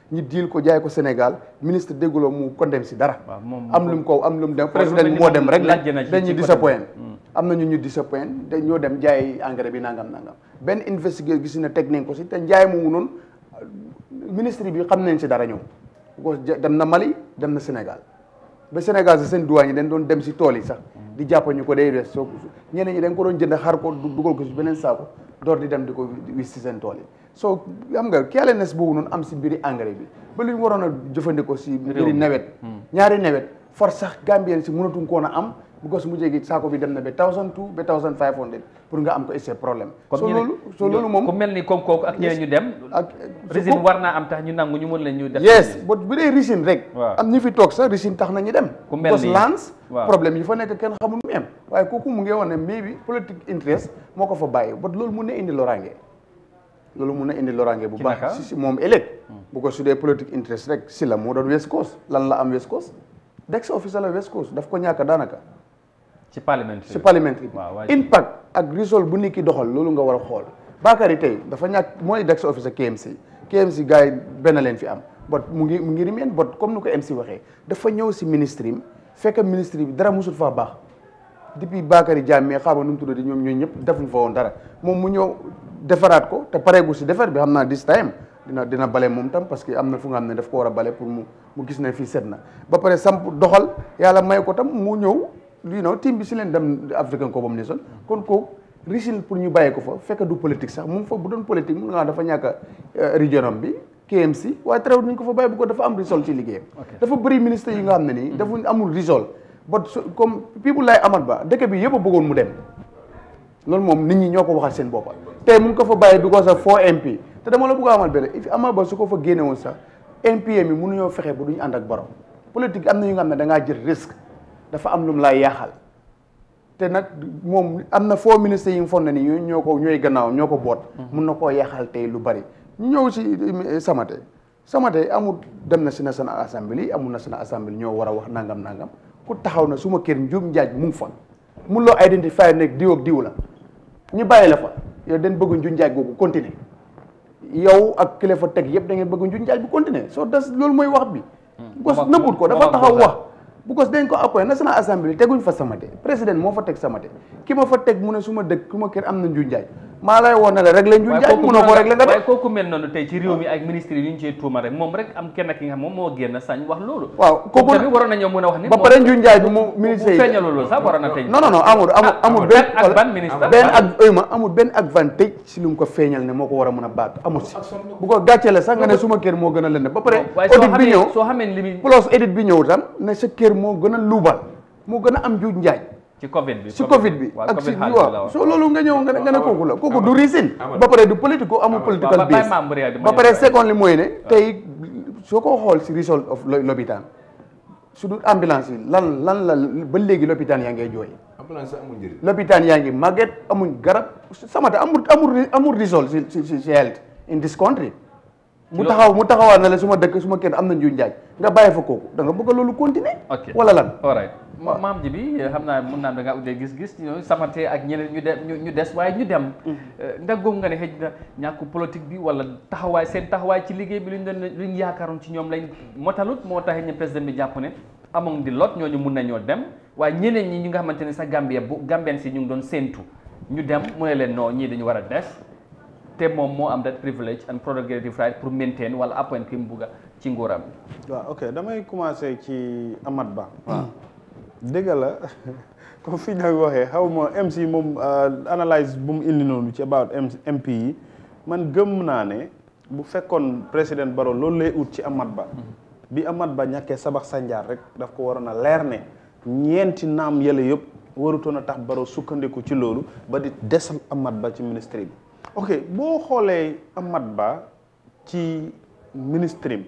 ñi deal ko jaay ko Senegal. ministre degulo mu condamné si dara. am lu ko am lu dem President mo dem rek. dañu disappoint hmm. am nañu ñu disappoint te ñoo dem jaay engrais bi nangam nangam ben investigateur gis na tek nañ ko ci te jaay mu wunun ministre bi xam nañ si dara ñoo ko dem na Mali dem na senegal ba senegal ci sen douane yi dañ doon dem ci toli sax di japp ñuko day des so ñeneen ñi dañ ko doon jënd xar ko duggal ko ci benen saako door di dem diko wis sen seen tool yi so am nga keelenes bu am si biri engrais bi ba lu warona jëfëndiko a jëfandikoo si nawet hmm. ñaari nawet for sax gambien si mënatuñ ko na am bu ko su mu jégi saako bi dem na be thousand two 1500 thousand five hundred pour nga am ko essai problème so lolu so lolu mom ku
melni ni kok ak ñe ñu dem ak résine warna am tax ñu nangu ñu mën leen ñu def yes bu dé résine rek
am ñu fi tok sax résine tax na ñu dem because lands problème il faut nek ken xamul mu am waaye kooku mu ngi woon maybe politique interest moko fa baye but loolu mu na indi lorangé loolu mu na indi lorangé bu baax si si mom élect hmm. bu ko sudee politique interest rek si la mo doon West Coast lan la am West Coast dex officer la West Coast daf ko ñaka danaka
ci parlementaire ci parlementaire
impact ak result bu niki doxal loolu nga wara xol bakari tay dafa ñak moy dex officer KMC KMC gars yi fi am bot mu ngi mu ngi rimen bot comme nuko MC waxee dafa ñew si ministre fekk ministre bi dara musul faa baax depuis Bakary Diamé xaaba nu mu tuddati ñoom ñooñu ñëpp defuñ fa woon dara moom mu ñëw defaraat ko te pareegu si defar bi xam naa this time dina dina bale moom tam parce que am na fu nga xam ne daf ko war a bale pour mu mu gis na fii set na ba pare samp doxal yàlla may ko tam mu ñëw you know team bi si leen dem African Cup of Nations kon kooku riche pour ñu bàyyi ko fa fekk du politique sax moom fa bu doon politique mun nga dafa ñàkk euh, a bi KMC waaye terewul nañ ko fa bàyyi bu ko dafa am risol ci liggéeyam. dafa bëri ministre yi nga xam ne nii. Mm-hmm. dafa amul risol ba comme people lay amal ba dëkk bi yëpp bëggoon mu dem loolu moom nit ñi ñoo ko waxal seen boppa te mu ngi ko fa bàyyi because of 4MP te dama la bëgg amal benn if amal ba su ko fa génne woon sax NPM yi mënuñoo fexe ba duñu ànd ak borom politique am na ñu nga xam ne da ngaa jël risque dafa am lu mu laay yaaxal te nag moom am na foo ministres yi nga foog ne nii ñoo ko ñooy gannaaw ñoo ko boot. Mm-hmm. mun na koo yaaxal tey lu bari. ñu ñëw si Samaté Samaté amut dem na si National Assembly amul National Assembly ñoo war a wax nangam nangam ku taxaw na suma kër njuum njaaj mu ngi fa mun loo identifier nekk diw ak diw la ñu bàyyi la fa yow dañ bëgg njuum njaaj googu continuer yow ak kële fa teg da ngeen bëgg njuum njaaj bu continuer soo des loolu mooy wax bi. gos hmm. nëbbut ko dafa taxaw wax. bu gos dañ ko appoyé National Assembly teguñ fa Samaté président moo fa teg Samaté ki ma fa teg mu ne suma dëkk su ma kër am na njuum njaaj maa lay woon ne la rek la ñu jaay mënoo ko rek
la yi ñu cee tuuma rek moom kenn ki nga xam moo génn sañ wax loolu waaw kooku tamit a ni ba pare njuñ
jaay bi mu ministre yi
feeñal loolu sax waroon na tey non ah, benn
ak ban ministre si lu mu ko feeñal ne moo ko war a mën a baat amul si bu ko gàccee la sax nga ne suma kër moo gën a lënd ba pare
audit bi ñëw soo xamee li plus
audit bi ñëw tam ne sa kër moo gën a luubal moo gën a am njuñ jaay
ci Covid bi. ci bi ak soo
loolu nga ñëw nga ne ne kooku la kooku du reason ba pare du politique amul political base ba pare second li mooy ne tey soo ko xool si result of l'hôpital su du ambulance lan lan la ba léegi l'hôpital yaa ngi jooy.
ambulance amul njëriñ.
l'hôpital yaa ngi màgget amuñ garab samata amul amul amul result si si si health in this country. mu taxaw mu taxawaan na la su ma dëkk su ma kenn am na njuñ njaaj nga bàyyi fa kooku da nga bëgg loolu continuer
wala lan alright maam ji bi xam naa mun naa da ngaa gis-gis ñoo samante ak ñeneen ñu dem ñu des waaye ñu dem mhm. euh, ndax nga ne xëj na ñàkku politique bi wala taxawaay seen taxawaay ci liggéey bi luñ doon luñ yaakaaroon ci ñoom lañ motalut moo tax ñu président bi jàpp ne amoon di lot ñooñu mun nañoo dem waaye ñeneen ñi ñu nga xamante ne sax Gambie bu Gambien si ñu ngi doon séentu ñu dem mu ne leen non ñii dañu war a des te moom moo am that privilege and prerogative right pour maintain wala appoint ki mu bugga ci nguuram bi.
waaw ok damay commencé ci Amat Bah. Hmm. waaw la comme fi nga waxee xaw ma MC moom euh, analyse bu mu indi noonu ci about MP yi man gëmm naa ne bu fekkoon président Barrow loolu lay ut ci Amat ba hmm. bi Amat ba ñàkkee sabax sanjaar rek daf ko waroon a leer ne ñeenti naam yële yëpp warutoon a tax Barrow sukkandiku ci loolu ba di desal Amat ba ci ministre bi. ok boo xoolee am mat Ba ci ministre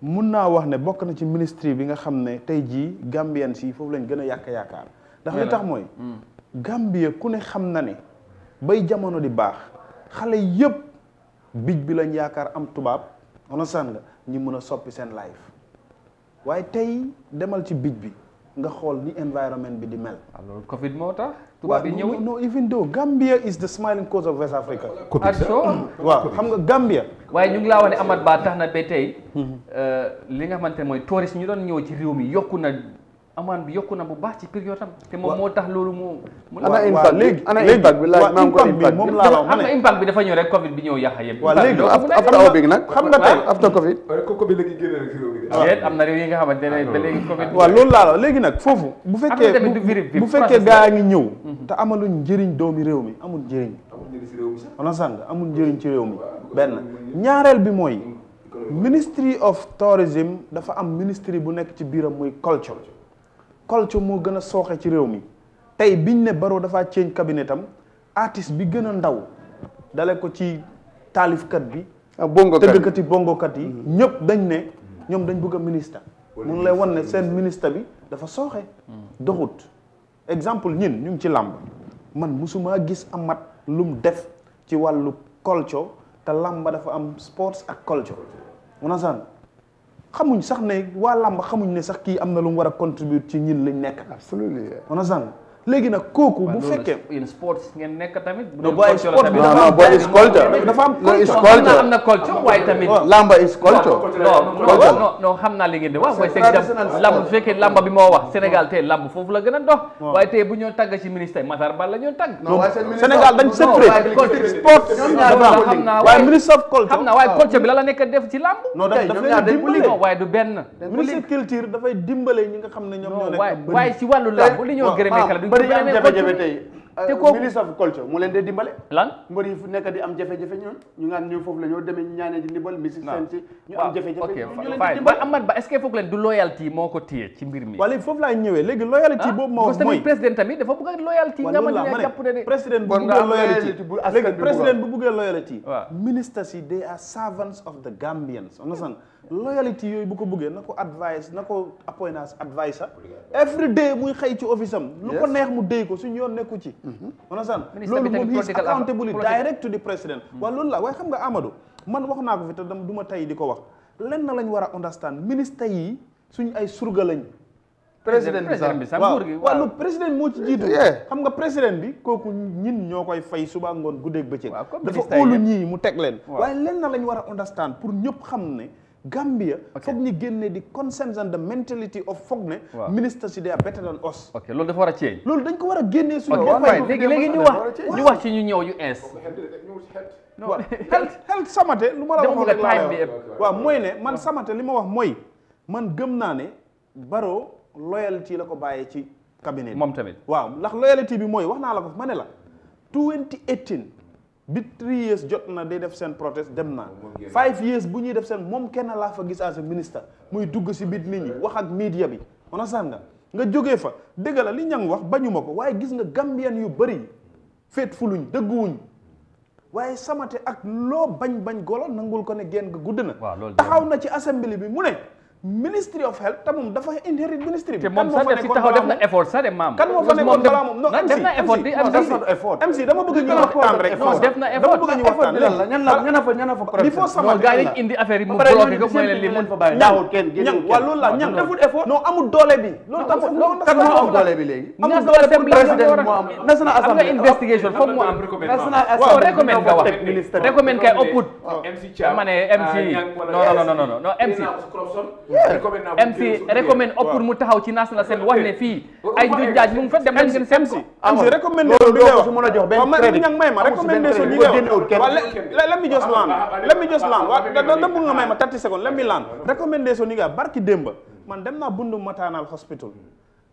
mun naa wax ne bokk na ci ministre bi nga xam ne tey jii Gambien si foofu lañ gën a yàq yaakaar ndax li tax mooy hmm. Gambie ku ne xam na ne bay jamono di baax xale yëpp bij bi lañ yaakaar am tubaab onosaan nga ñi mën a soppi seen life waaye tey demal ci bij bi nga xool ni environnement bi di mel. Ah, moo tax. tubaab yi ñëwuñ no even though Gambia is the smiling cause of West Africa.
Mm. waaw xam nga Gambia. waaye ñu ngi laa wane Amat Ba tax na ba tey. Mm-hmm. Euh, li nga xamante ne mooy si ñu doon ñëw ci réew mi yokku na amaan bi yokku na bu baax ci période am. te moom moo tax loolu moo. ana impact léegi ana impact bi laaj maa ngi bi moom laa la rek Covid bi ñëw yàq yëpp. waaw léegi after Covid nag xam nga na nga xamante ne ah, ba léegi
léegi nag foofu. bu fekkee bu fekkee gaa ngi ñëw. Mhm. te amaluñ njëriñ doomi réew mi amul njëriñ. on sàng amul njëriñ ci réew mi benn ñaareel bi mooy ministry of tourism dafa am ministry bu nekk ci biiram muy culture culture moo gën a sooxee ci réew mi tey biñ ne Barrow dafa change cabinet am artiste bi gën a ndaw dale ko ci taalifkat bi tëggkat ah, bongokat yi mm-hmm. ñëpp dañ ne ñoom dañ bëgg a ministre mun lay wan ne seen ministre bi dafa sooxe mm-hmm. doxut exemple ñin ñu ngi ci làmb man mosumaa gis amat mu def ci wàllu culture te làmb dafa am sports ak culture mun xamuñ sax ne waa làmb xamuñ ne sax kii am na lu mu war a contribuer ci ñin lañ nekk. absolument on léegi nag kooku bi
dafa am booy culture dafa
am culture am na culture waaye tamit. lamba is culture.
non non
non xam naa li ngeen di wax mooy. lamba bu fekkee lamba bi moo wax Sénégal tey lamb foofu la gën a dox. waaye tey bu ñoo tàgg ci ministère Matar la ñoo tàgg. Sénégal dañ séparé sport dafa am waaye ministre of culture xam naa waaye ah. culture bi la la nekk def ci lamb. non dafa dimbale waaye du benn. ministre
culture dafay dimbale ñi nga xam ne ñoom ñoo nekk. ñoo mbër yi am jafe-jafe tey euh, ministre of culture mu leen dimbale
lan
mbër yi fu nekk di am jafe-jafe ñoom ñu ngaan ñoom foofu la ñoo demee ñu ñaanee di ndimbal misi seen ñu am
jafe-jafe Amad Ba est-ce que foog leen du loyalty moo ko téye ci mbir mi foofu laa ñëwee léegi
loyalty ah, boobu moo mooy tamit
président tamit dafa bëgg loyalty nga mën a jàpp ne président bu bëggee loyalty
léegi président they are servants of the Gambians loyalité yooyu bu ko bëggee na ko advice na ko appointance advice every day muy xëy ci office am lu ko neex mu déy ko suñu yoon nekku ci onasan mm-hmm. loolu moom his accountability direct to the president mm-hmm. waaye loolu la waaye xam nga Amadou man wax naa ko fi te dama du ma tey di ko wax lenn na lañ war a understand ministre yi suñ ay surga lañ président bi sax waaw waaw lu président moo ci jiitu xam nga président bi kooku ñin ñoo koy fay suba ngoon guddeeg bëccëg dafa óolu ñii mu teg leen waaye lenn na war a understand pour ñëpp xam ne Gambia foog ñu génne di consensus and the mentality of foog ne ministers yi they are better than
ok loolu dafa war a change
loolu dañ ko war a génnee suñu léegi léegi ñu wax ñu wax
ci ñu ñëw yu ees
waaw health health samate lu ma la wax waaw mooy ne man samate li ma wax mooy man gëm naa ne Barrow loyalty la ko bàyyee ci cabinet moom tamit waaw ndax loyalty bi mooy wax naa la ko ma ne la 2018 bit three years jot na day def seen protest dem naa five years bu ñuy def seen moom kenn laa fa gis as a ministre muy dugg si biir mi ñi wax ak media bi on nga nga jógee fa dëgg la li ñang wax bañuma ko waaye gis nga Gambian yu bëri faithfuluñ dëgguwuñ waaye samate ak loo bañ bañ golo nangul ko ne genn ga gudd na taxaw na ci assembly bi mu ne ministry of health te moom dafa inherit ministry bi. te moom sax def si taxaw def na
effort sax de maam. kan moo fa nekkoon balaa moom non MC MC dama bëgg ñu waxtaan rek. non def na effort dama bëgg ñu waxtaan rek lan la ñan la ñan fa ñan fa. il faut sama gars yi indi affaire yi mu bloqué ko mooy leen lii mun fa bàyyi. ñaawul kenn génn waaw
loolu la ñan deful effort. non amul doole bi. loolu tax loolu kan moo am
doole bi léegi. amul doole bi président moo am. national assembly am nga investigation foog mu am. national assembly recommend nga wax
recommend kay oput. MC Thiam ma ne MC non non non non MC. MC recommend oppure mu taxaw ci national scène wax ne fii ay du jaaj mu dem nañ
bi nga da may ma 30 ah, ah. secondes let recommendation yi barki démba man dem naa bundu maternal hospital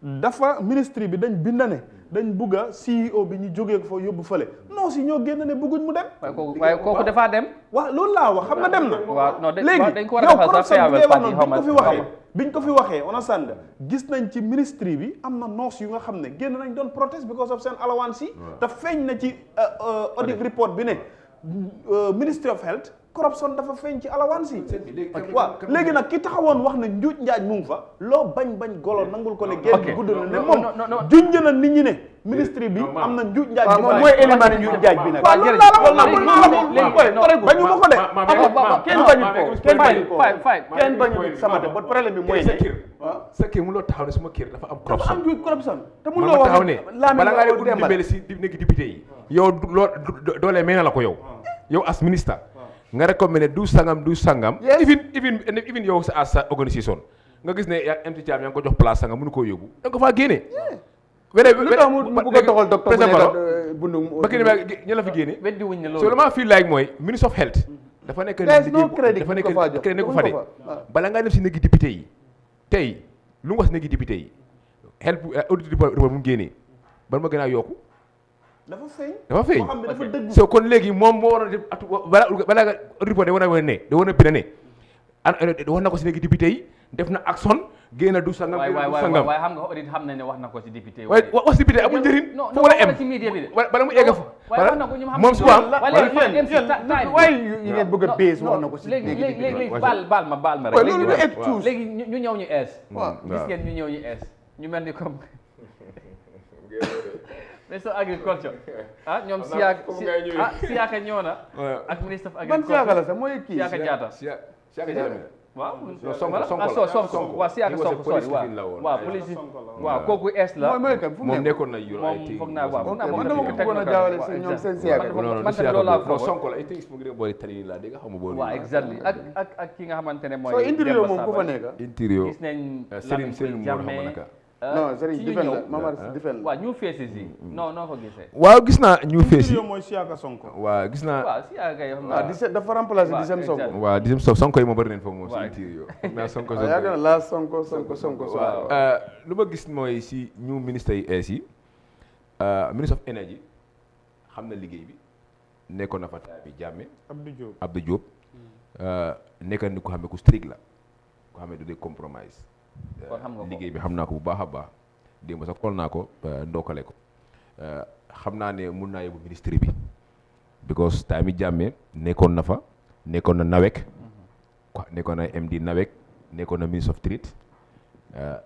dafa ministry bi dañ bindane dañ bugg a CEO bi ñu jógee ko fa yóbbu fële non si ñoo génn ne bëgguñ mu dem. waaye kooku waaye kooku dafaa dem. waaw loolu laa wax xam nga dem na. waaw non dañ ko war a defal sax léegi yow corruption bi ngay wax noonu biñ ko fi waxee. ko fi waxee on a sànd gis nañ ci ministry bi am na noos yu nga xam ne génn nañ doon protest because of seen allowance yi. te feeñ na ci euh, euh, audit report bi ne euh, ministry of health. corruption dafa feeñ ci alawaan si waaw léegi nag ki taxawoon wax na njuuj njaaj mu fa loo bañ bañ golo nangul ko ne génn gudd na ne moom junj na nit ñi ne ministre bi am na njuuj njaaj bi mooy élément njuuj njaaj bi nag waaw la wax
nangul taxaw ne suma kër dafa dafa am
corruption te mënuloo wax ne bala ngaa dee dimbali
si nekk député yi yow loo mee na la ko yow yow as ministre nga recommendé du sangam du sangam yeah. even even even yow sa asa organisation nga gis ne yak MT Thiam yaa ko jox place sangam mënu ko yobu da nga ko faa génne wede lu tax mu bu ko doxal docteur bu euh,
nekk bundu bakki ba
ñu la fi guéné
wéddi
wuñ ne loolu seulement feel
like moy ministre of health dafa nekk dafa nekk crédit ko fa de bala nga dem ci néegi député yi tay lu nga wax néegi député yi health audit report mu guéné ban ma gëna yoku
dafa feeñ dafa feeñ dafa soo kon
léegi moom moo waroon a atu balaa balaa nga reporté war a wane ne da war a bira ne wax na ko si léegi député yi def na action génn du sangam du sangam waaye xam
nga audit xam na ne wax na ko si député yi wax si député amul a em bala mu egg fa moom souvent waaye yi ngeen na ko si léegi léegi baal baal ma baal ma rek léegi ñu ñëw ñu ees gis ñu mel ni comme ministre of agriculture ah ñoom siyaak ah siyaaka ñëw na ak ministre of agriculture man siyaaka la sax mooy kii siyaaka jaata
siyaaka jaata
waaw ah, Sonko Sonko waaw siyaaka Sonko sori waaw waaw police waaw kooku est
la moom nekkoon na yor moom foog naa waaw man dama ko bëggoon a jaawale si ñoom Sonko la tey
nga xamante ne moom ku fa nekk interieur gis nañ euh, Serigne Serigne moo xam Euh, non Serigne difen la waaw ñu feesi si non noo waaw gis naa ñu feesi. Sonko. waaw gis naa. waaw Siaka yoo xam ne. waaw ah, dafa remplacer dixième Sonko. waaw dixième Sonko Sonko yi ma
naa ah,
Sonko Sonko Sonko waaw
euh, lu ma gis mooy si ñu ministres yi ees yi euh, ministre of energy xam na liggéey bi nekkoon na fa bi Jammeh. Abdou Diop Abdou Diop. Hmm. nekkoon ni ko xam ku strict la ku xam du dee compromise. kon nga ko liggéey bi xam naa ko bu baax a baax démb sax xool naa ko euh, ndokkale ko euh, xam naa ne mun naa yóbbu ministre bi because time yi jàmmee nekkoon na fa nekkoon na nawek mm-hmm. quoi nekkoon na MD nawek nekkoon na ministre of trade euh,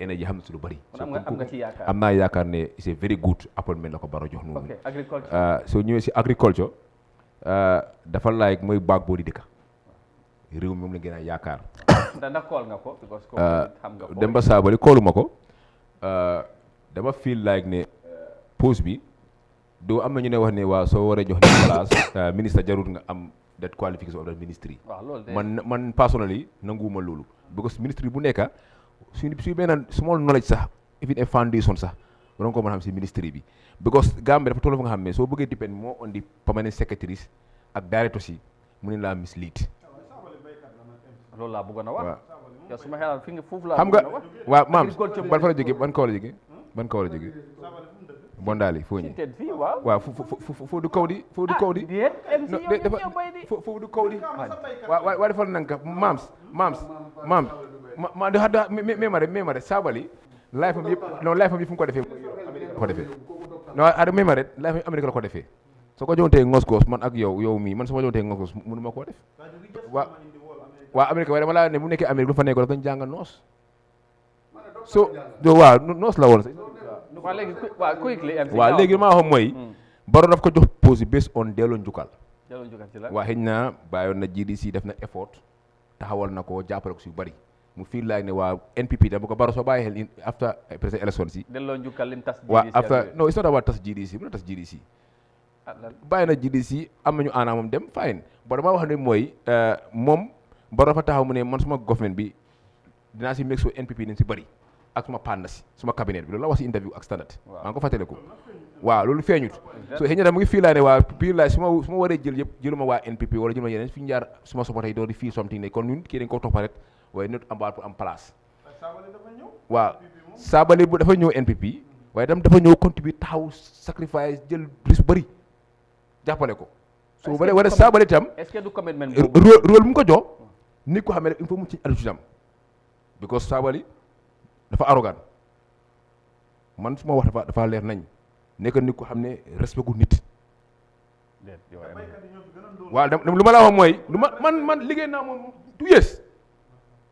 xam na si lu bëri. am naa yaakaar ne c' est very good appointment la ko Barrow jox noonu. ok agriculture soo ñëwee si agriculture dafa laay mooy baag boo di dëkk réew moom la gën a yaakaar.
danda call nga ko because ko uh, xam nga
ko Demba uh, feel like ne pause bi do am na ñu ne wax ne waa so waree jox ni place uh, ministre jarul nga am that qualification of that ministry man man personally nanguuma loolu because ministry bu nekka suñu suñu small knowledge sax even a foundation sax wuro ko mën si ministry bi because gambe dafa tollu fa nga xam depend mo on the permanent secretaries ak directors to mu ne mislead
loolu laa bëggoon a wax. waaw su nga foofu maam ban fa la jógee ban kaw la jógee
ban kaw la jógee. bondaali foo ñu. du kaw di. fu du kaw di ah, fu du kaw di. waaw waaye defal nanka maams maams maams ma ma de xa mémare mémare saabali. laay fam yëpp non laay fam yëpp fu mu ko defee. ko defee non ada mémare laay fam Amérique la ko defee. soo ko jontee ngos-ngos man ak yow yow mii man su ma jontee ngos-ngos mënu ma koo def waaw. waa Amérique waaye dama laa ne bu nekkee Amérique lu fa nekkoon dañ jàng noos. so waaw noos la woon.
waa léegi waaw maa xam mooy. Hmm.
Barrow daf ko jox pause based on delloo njukkal. delloo njukkal ci la waa xëy na bàyyoon na GDC def na effort taxawal na ko jàppale ko si yu bari. mu fii laaj ne waa NPP dama ko Barrow soo bàyyi xel after président élection si. delloo njukkal lim tas GDC waaw after non it's not about tas GDC bu na tas GDC. Ah, bàyyi na GDC am nañu aana moom dem fine ba dama wax ne mooy euh, moom. ba dafa taxaw mu ne man suma government bi dinaa si make NPP nañ si bëri ak suma panda si suma cabinet bi loolu la wax si interview ak standard maa ngi ko fàttaliku waaw loolu feeñut so xëy na mu ngi fii laa ne waa pii laa su ma waree jël yëpp jëluma waa NPP wala jëluma yeneen fi ñu jaar suma soppatay doo di fii something ne kon ñun kii dañ ko toppa rek waaye nit am baat pour am place waaw saabali bu dafa ñëw NPP waaye tam dafa ñëw contribute taxaw sacrifice jël risque bari jàppale ko so wala wala saabali tam est ce que du commitment rôle mu ko jox nit ko xam ne il faut mu ci attitude am because Sabaly dafa arrogant man su ma wax dafa dafa leer nañ nekk nit ko xam ne respect gu nit.
waaw lu ma la wax mooy
lu ma man man liggéey naa moom du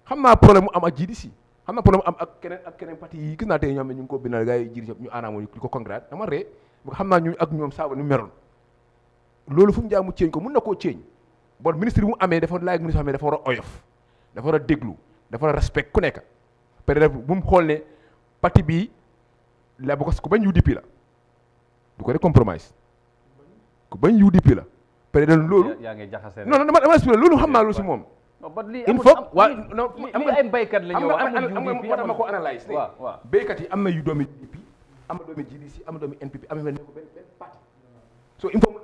xam naa problème mu am ak GDC xam naa problème mu am ak keneen ak keneen parti yi gis naa tey ñoom ñu ngi ko bindal gars yi GDC ñu aanaam ñu ko congrate dama ree xam naa ñu ak ñoom Sabaly nu meroon loolu fu mu jaar mu ko mun na koo ceeñ bon ministre bi mu amee dafa laaj ministre xam ne dafa war a oyof dafa war a déglu dafa war a respect ku nekk peut être bu mu xool ne parti bii la bu ko ku bañ UDP la du ko def compromise ku bañ UDP la peut être loolu. yaa ngi jaxase non non dama dama expliqué loolu xam naa loolu si moom. il faut waa non li ay béykat la ñëw amul am na ko analyse waaw waaw béykat yi am na yu doomi UDP am na doomi GDC am na doomi NPP am na benn benn so il faut mu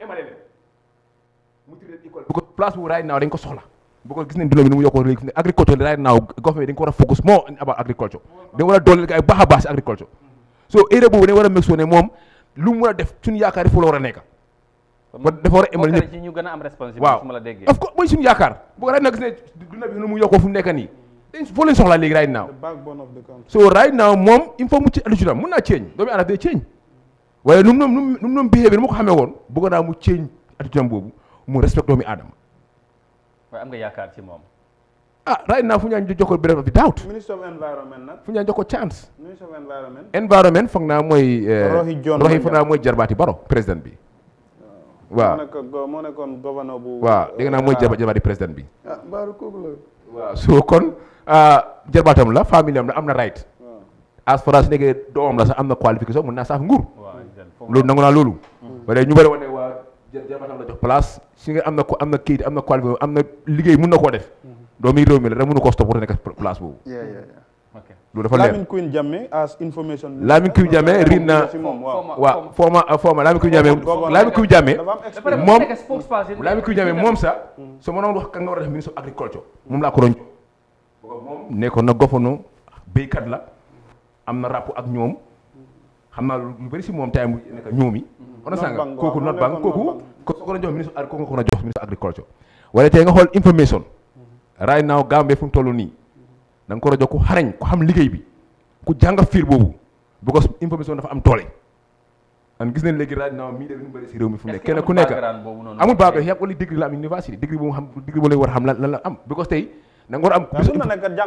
mu tuddee école bu ko place bu right now dañ ko soxla bu ko gis nañ dund bi ni mu yokkoo léegi agriculture right now government dañ ko war a focus agriculture dañ war a dooleel ay baax a baax si agriculture so area boobu dañ war a meg soo moom lu mu war a def suñu yaakaar yi foofu la war a nekk ba dafa war a emal ñëpp
ñu
a yaakaar bu right now gis ne dund bi nu mu yokkoo fu mu nekk nii foo leen soxlaa léegi right now so right now moom il mu ci attitude mun naa change doomu aadama day change mu respect doomi aadama.
waaye am nga yaakaar ci moom.
ah right now fu ñu naan jokkoo benefit of the doubt.
ministre of environment nag. fu ñu naan jokkoo chance. ministre of environment.
environment foog naa mooy. Eh, Rohi John Rohi
oh. moo nekkoon gouverneur bu. waaw dégg naa mooy ah. jarba jarbaati ah, la. waaw so kon
ah, na right. as far as nekkee doomam la sax am na qualification mun naa saaf nguur. loolu nangu naa loolu. Mm-hmm. ba ñu bëri woon waa jarbaatam la jox place. su nga am na ko am na kayit am na qualifié am na liggéey mun na koo def mhm. doomi réew mi la rek mënu ko stop pour nekk place boobu
loolu dafa leer Lamine Queen Jammeh as information Lamine Queen Jammeh riin
na waaw forma forma Lamine Queen Jammeh Lamine Queen ah, Jammeh
moom Lamine Queen moom sax
mm. su ma doon wax kan nga war a def ministre agriculture moom laa ko doon
mm.
nekkoon na gofanu béykat la am na rapport ak ñoom xam naa lu bëri si moom time nekk ñoomi on a sànga kooku not bank kooku ko ko jox ministre ko ko jox ministre agriculture wala tey nga xool information right mu toll nii da nga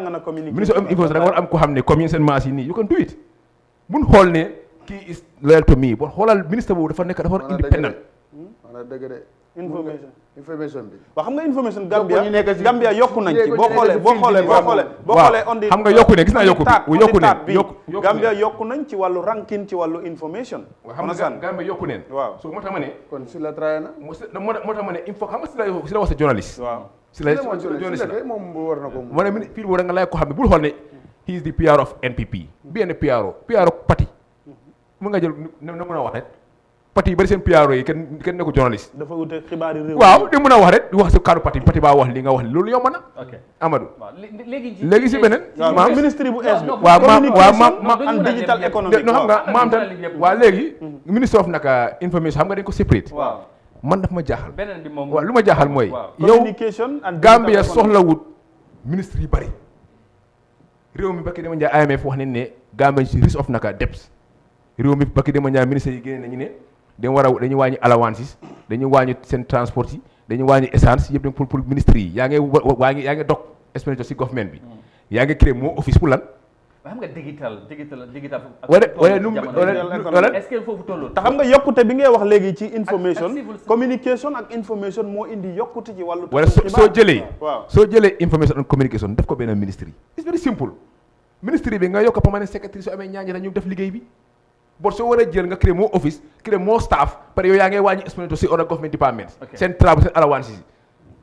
a mun xool ne kii is loyal to me bon xoolal ministre boobu dafa nekk dafa war indépendant.
maanaam xam nga information Gambia yokku nañ ci boo xoolee boo xoolee boo xoolee. boo xoolee xam nga yokku ne yokku bi yokku ne yokku ne information. xam nga Gambia yokku neen. waaw so moo tax ma ne. kon si la traité na.
moo tax ma ne il xam nga si la si la wasa si la journaliste la
moom war na ko. ma
ne fii boobu da nga lay ko xam ne bul xool ne he is the PR of NPP. bien PRO mën nga jël na mën a wax rek pati yi bari seen piaro yi kenn kenn nekkul journaliste. dafa
wute xibaari réew waaw di mën a wax
rek wax si kàddu pati pati wax li nga wax loolu yomb na. ok
léegi si beneen. waaw ministre bu es bi. waaw ma ma and digital xam nga ma am tam
waaw léegi. Mhm. ministre of naka information xam nga dañ ko separate. waaw man daf ma jaaxal. beneen
bi moom waaw lu ma jaaxal mooy. communication and digital economic yow Gambia soxlawut
ministre yu bari. réew mi ba ki dama njaay IMF wax ne ne Gambia si risk of naka debts réew mi bakki dema ñaan ministre yi génne nañu né dañu wara a dañu wàññi allowances dañu wàññi sen transport yi dañu wàññi essence yépp dañu pour pour ministre yi yaa ngi yaa ngi dog
government bi hmm. yaa ngi créer mo office pour lan
xam nga digital digital digital wala wala num wala est-ce que fofu tollu
ta xam nga yokuté bi ngay wax légui ci information communication ak information mo indi yokuté ci walu wala So jëlé
so jëlé information and communication def ko bénn ministre
it's very simple ministre bi nga yokk permanent secretary su ñaan ñi dañu def liggéey bi
bor so wara jël nga créer mo office créer mo staff par yo ya ngay wañi explain si other government department, sen travel sen alawan ci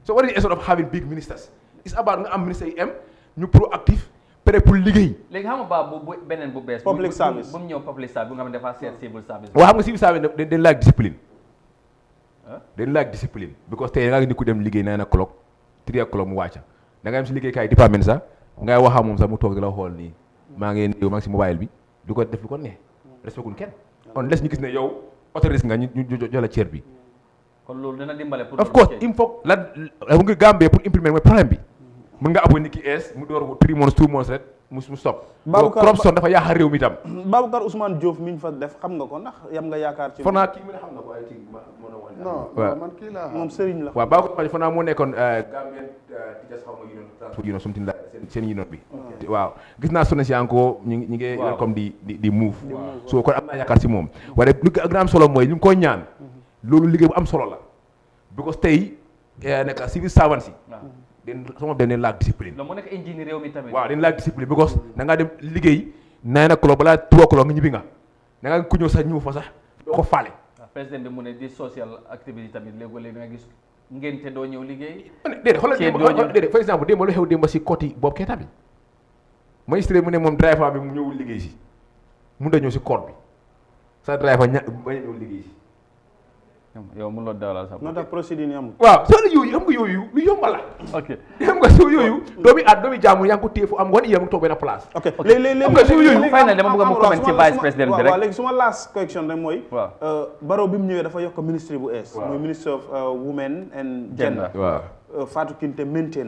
so wara is the of having big ministers Is about nga am ministre yi m
ñu proactif prêt pour liguey légui xam ba bu benen bu bes public service bu ñew public service bu nga dafa set civil service wa
xam nga civil service dañ lack discipline dañ lack discipline because tay nga ni ku dem liggéey 9 clock 3 clock mu wacha da nga am ci liguey kay department sa nga waxa mom sa mu tok dila xol ni ma ngi neew maxi mobile bi du ko def ko neex respecté kenn on les ñu gis ne yow autoriste nga ñu jola cër bi.
kon loolu dina dimbale pour. of course il faut la nga
Gambie pour imprimer mooy problème bi. mën nga abonné ki es mu door ko three months two months rek. mus mu stop. Babacar corruption dafa yaaxa réew mi tam.
Babacar Ousmane Diouf mi ñu fa def xam nga ko ndax yam nga yaakaar ci. Fana kii a wax.
moom Serigne la. waaw Babacar moo nekkoon. Euh, Gambien euh,
Tijas xaw ma union transport union something
bi. waaw gis naa sonné si encore ñu ngi ñu ngi. waaw comme di di di move. so kon am naa yaakaar si moom. Mm-hmm. waaye lu gën a am solo mooy ñu ngi koy ñaan. Mm-hmm. loolu liggéey bu am solo la. because tey eh, nekk civil servant si. Mm-hmm. den sama dem den laaj discipline. loolu moo nekk ingénieur réew mi tamit. waaw den laaj discipline because da dem liggéey nine o'clock balaa two o'clock nga ñibbi nga da
ko faale. Ah, président bi mu ne di tamit léegoo-léegi nga gis ngénte doo ñëw liggéey. déedéet xoolal déedéet
par exemple démb lu xew démb si côté boobu kee tamit magistré mu ne moom driver bi mu ñëwul liggéey si mun da ñëw si code bi sa driver ña bañ a ñëw liggéey si yow mënuloo dawalal sa bopp. non procédure
yi amul. waaw soo ne yooyu xam nga yooyu lu yomb la. ok xam nga soo yooyu. doomi at doomi jaamu yaa ngi ko téye fu am ngoon yéen a ngi toog benn mu comment ci vice président bi rek. su ma last question rek mooy. waaw euh, bi mu ñëwee dafa yokk ministre bu ees. waaw muy ministre of euh, women and gender. waaw. Euh, Fatou maintain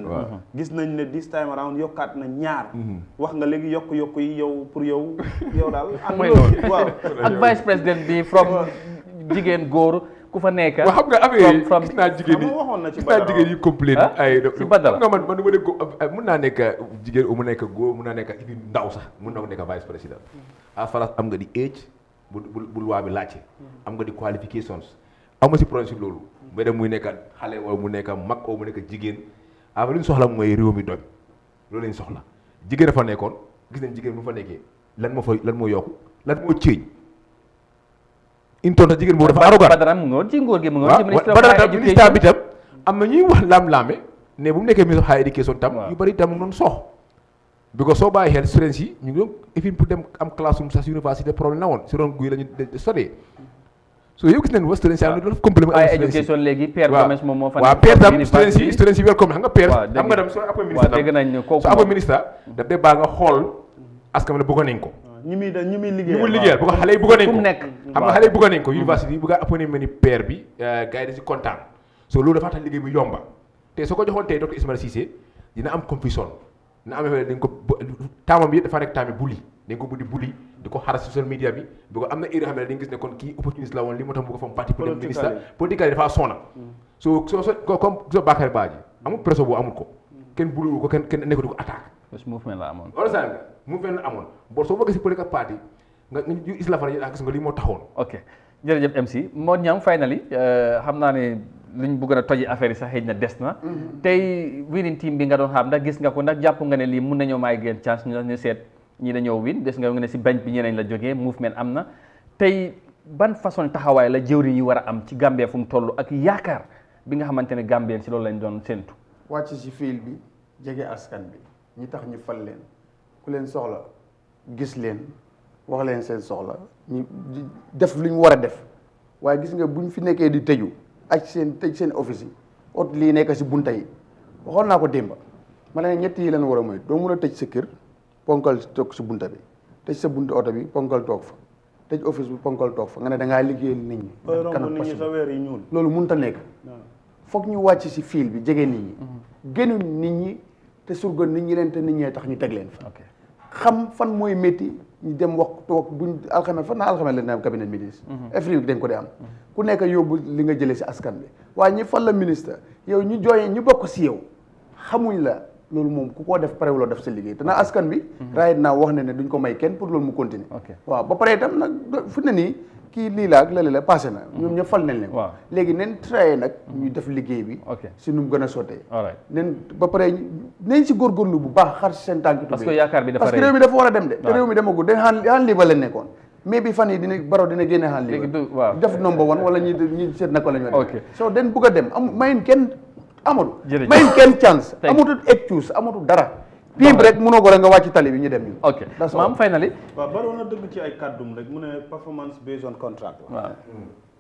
gis nañ ne this time around yokkaat na ñaar. Mm-hmm. wax nga léegi yokk yokk yi yow pour yow yow daal.
ak vice président bi from jigéen góor ku fa nekk waaw xam nga affaire yi
gis naa jigéen yi waxoon na ci gis naa jigéen yi complé ah? ay si badara nga man man du ma nekk mun naa nekk jigéen mu nekk góor mun naa nekk ndaw sax mun na naa nekk vice président à hmm. ah, France am nga di age bu bu loi bi laajte hmm. am nga di qualifications ama si projet loolu mais dem muy nekk xale wala mu nekk mag oo mu nekk jigéen avant ah, li ñu soxla mooy réew mi doñ loolu lañ soxla jigéen dafa nekkoon gis nañ jigéen bu fa nekkee lan moo fa lan moo yokku lan moo ceeñ une tontu jigéen boobu dafa arrogant Badara mu ngi woon ci nguur gi mu ngi woon ci ministre bi tam am na ñuy wax laam-laame ne bu mu nekkee ministre higher education tam yu bëri tam mu doon soox bi soo bàyyi xel students yi ñu ngi doon effin dem am classroom université problème na woon si ron guy la ñu sodee yow gis nañu wa students yi am na doon complément ay éducation
léegi Pierre Gomes moom
daf dee baa nga xool askan la bëggoon nañ ko
ñu muy ñi muy liggéeyal ñi muy liggéeyal bu ko xale yi bëggoon nañ ko nekk xam nga xale yi
bëggoon nañ ko université yi bu ni père bi euh, gars dafa te soo ko joxoon tey docteur am bi dafa nekk ko buddi buli di ko xaar social media bi bu ko am na presso boobu amul ko mm. kenn buliwu ko kenn kenn nekkatu ko
attaque
mu la amoon bo so bëgg ci politique parti nga ñu isla
fa la gis nga li mo taxoon. ok jëm MC mo ñam finally euh xamna ni liñ bëgg a toji affaire yi sax xëy na na. Mm-hmm. winning team bi nga doon xam da gis nga ko nak japp nga ne li mu nañu may gën chance ñu ñu seet ñi dañu win des nga nga ne ci bench bi ñeneen la joggé mouvement amna tay ban façon taxaway la jëwri ñi wara am ci Gambia fu mu tollu ak yaakar bi nga xamantene ne Gambien si loolu lañ doon sentu
wacc ci fil bi jege askan bi ñi tax ñu fal leen ku leen soxla
gis len wax len sen soxla
ñu def luñu wara def waye gis nga buñ fi nekké di teju acc sen tej sen office ot nekk si buntay waxon nako demba ko ñett yi leen wara moy do mun a sa kër ponkal tok si bunta bi tej sa bunta auto bi ponkal tok fa tej office bi ponkal tok fa nga ne da nga liggéey nit ñi. kan sa yi ñuul. lolu nekk. fokk ñu wacc si fil bi jégué nit ñi. Mhm. gënu nit ñi té surgo nit ñi nit ñi tax ñu fa. xam fan mooy métti ñu dem wax toog ñu alxames fan na alxames la dina am cabinet ministre avril mhm. bi dañ ko dee am ku nekk yóbbu li nga jëlee si askan bi waaye ñi fan la ministre yow ñu jooyee ñu bokk si yow xamuñ la loolu moom ku koo def parewuloo def sa liggéey te na askan bi raayit naa wax ne ne duñ ko may kenn pour loolu mu continuer waaw ba pare itam nag fu ne nii na mhm. ñoom ñëpp fal nañ leen waaw léegi nen traité mhm. ñu def liggéey bi si nu mu gën a sottee nen ba pare nañ si góorgóorlu bu baax xar si seen tànk parce bi dafa parce réew mi dafa war a dem de te réew mi demagul de xaan xaan lii ba leen nekkoon mais bi fan yi dina baro dina génne xaan lii def number one wala ñi ñi seet naka la ñu ok soo den bugg a dem am mayin kenn amatu may kenn chance amatul excuse amatul dara
piib rek mënoo gore nga wàcc tali bi ñu dem ñu ok maam finally waaw baroon a dëgg ci ay kàddum rek mu ne performance based on contract la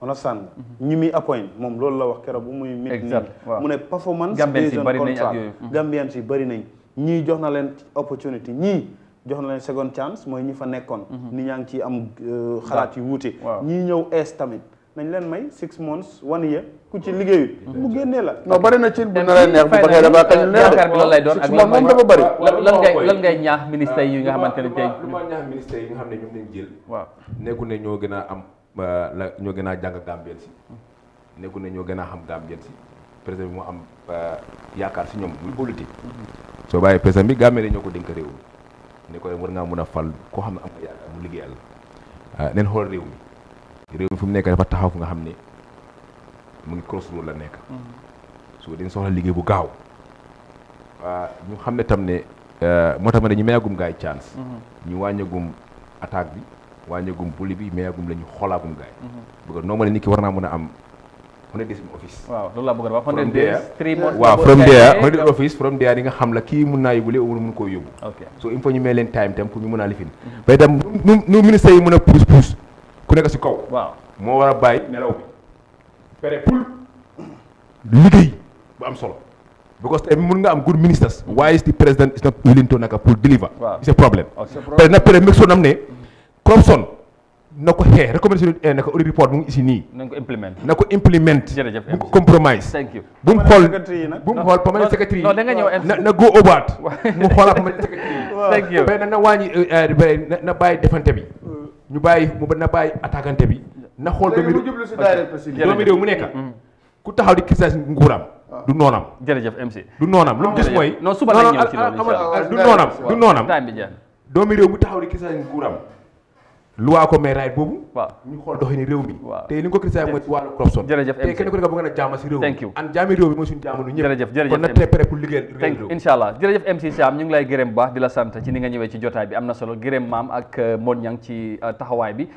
ono sànn muy appoint moom loolu la wax keroog bu muy mit nii mu ne performance based on contract mm-hmm. Gambian si bëri nañ ñii jox na leen opportunity ñii jox na leen second chance mooy ñi fa nekkoon mm-hmm. ni ñaa ngi ci am euh, xalaat yu wuute ñii ñëw ees tamit nañ leen may six months one year ku ci liggéeyut mu génnee la non bari na ci bu na la neex bu
ba ngay dafa kañ neex yaakaar bi loolu lay doon ak lan moom dafa bari
lan ngay lan ngay ñaax ministère yi nga xamante ne tey lu ma ñaax ministère yi nga xam ne ñoom lañ jël waaw nekku ne ñoo gën a am euh, la ñoo gën a jàng gambien si nekku ne ñoo gën a xam gambien si président bi moo am euh, yaakaar si ñoom buy politique soo bàyyi président bi gambien ñoo ko dénk réew mi ne koy war ngaa mun a fal koo xam ne am nga yaakaar mu liggéeyal euh, nen xool réew mi réew fi mu nekk dafa taxaw fu nga xam ne mu ngi cross road la nekk. Mm-hmm. su dañ soxla liggéey bu gaaw. waa ah, ñu xam ne tam ne eh, moo tax ma ne ñu mayagum gaay chance. Mm-hmm. ñu wàññagum attaque bi wàññagum bulli bi mayagum la ñu xoolaagum gaay. Mm-hmm. bëgg noo ma ne nit ki war naa mën a am. honest office. waaw
loolu a wax honest three months. waaw from there
honest from there di nga xam la kii mun naa yóbbu lee wala mun koo yóbbu. ok so il faut ñu may leen time tam pour ñu mën a lifin. ba itam nu ministère yi mën a pousse ku nekk si kaw. waaw moo war a bàyyi nelaw bi. pere pour liggéey bu am solo. because tey mun nga am good ministers. why is the president is not willing naka pour deliver. waaw oh, c'est problème. pere na pere make sure nam ne corruption na ko xeex recommandation eh, naka audit report mu ngi isi nii. na ko implement bu mu xool bu mu xool permanent secretary na na go yi. Eh, eh, na bàyyi defante bi. ñu bàyyi mu ba na bàyyi attaquante bi na xool doomi réew mu nekk mm. ku taxaw di criticiser nguuram ah. du noonam jërëjëf MC du noonam lu mu gis ah, mooy non suba la ñëw ci loolu ah, du noonam du noonam doomi réew mu taxaw di criticiser nguuram luwaa ko may right boobu. waaw ñu xool doxini réew mi. waaw te li nga ko critiqué mooy wàllu corruption. jërëjëf MC te kenn ku nekk bëgg na jaama si réew
mi. mooy suñu jaamanu ñëpp. jërëjëf jërëjëf kon nag ñu ngi lay gërëm bu di la sant ci ni nga ñëwee ci jotaay bi am na solo gërëm maam ak euh, Modou Niang ci euh, taxawaay bi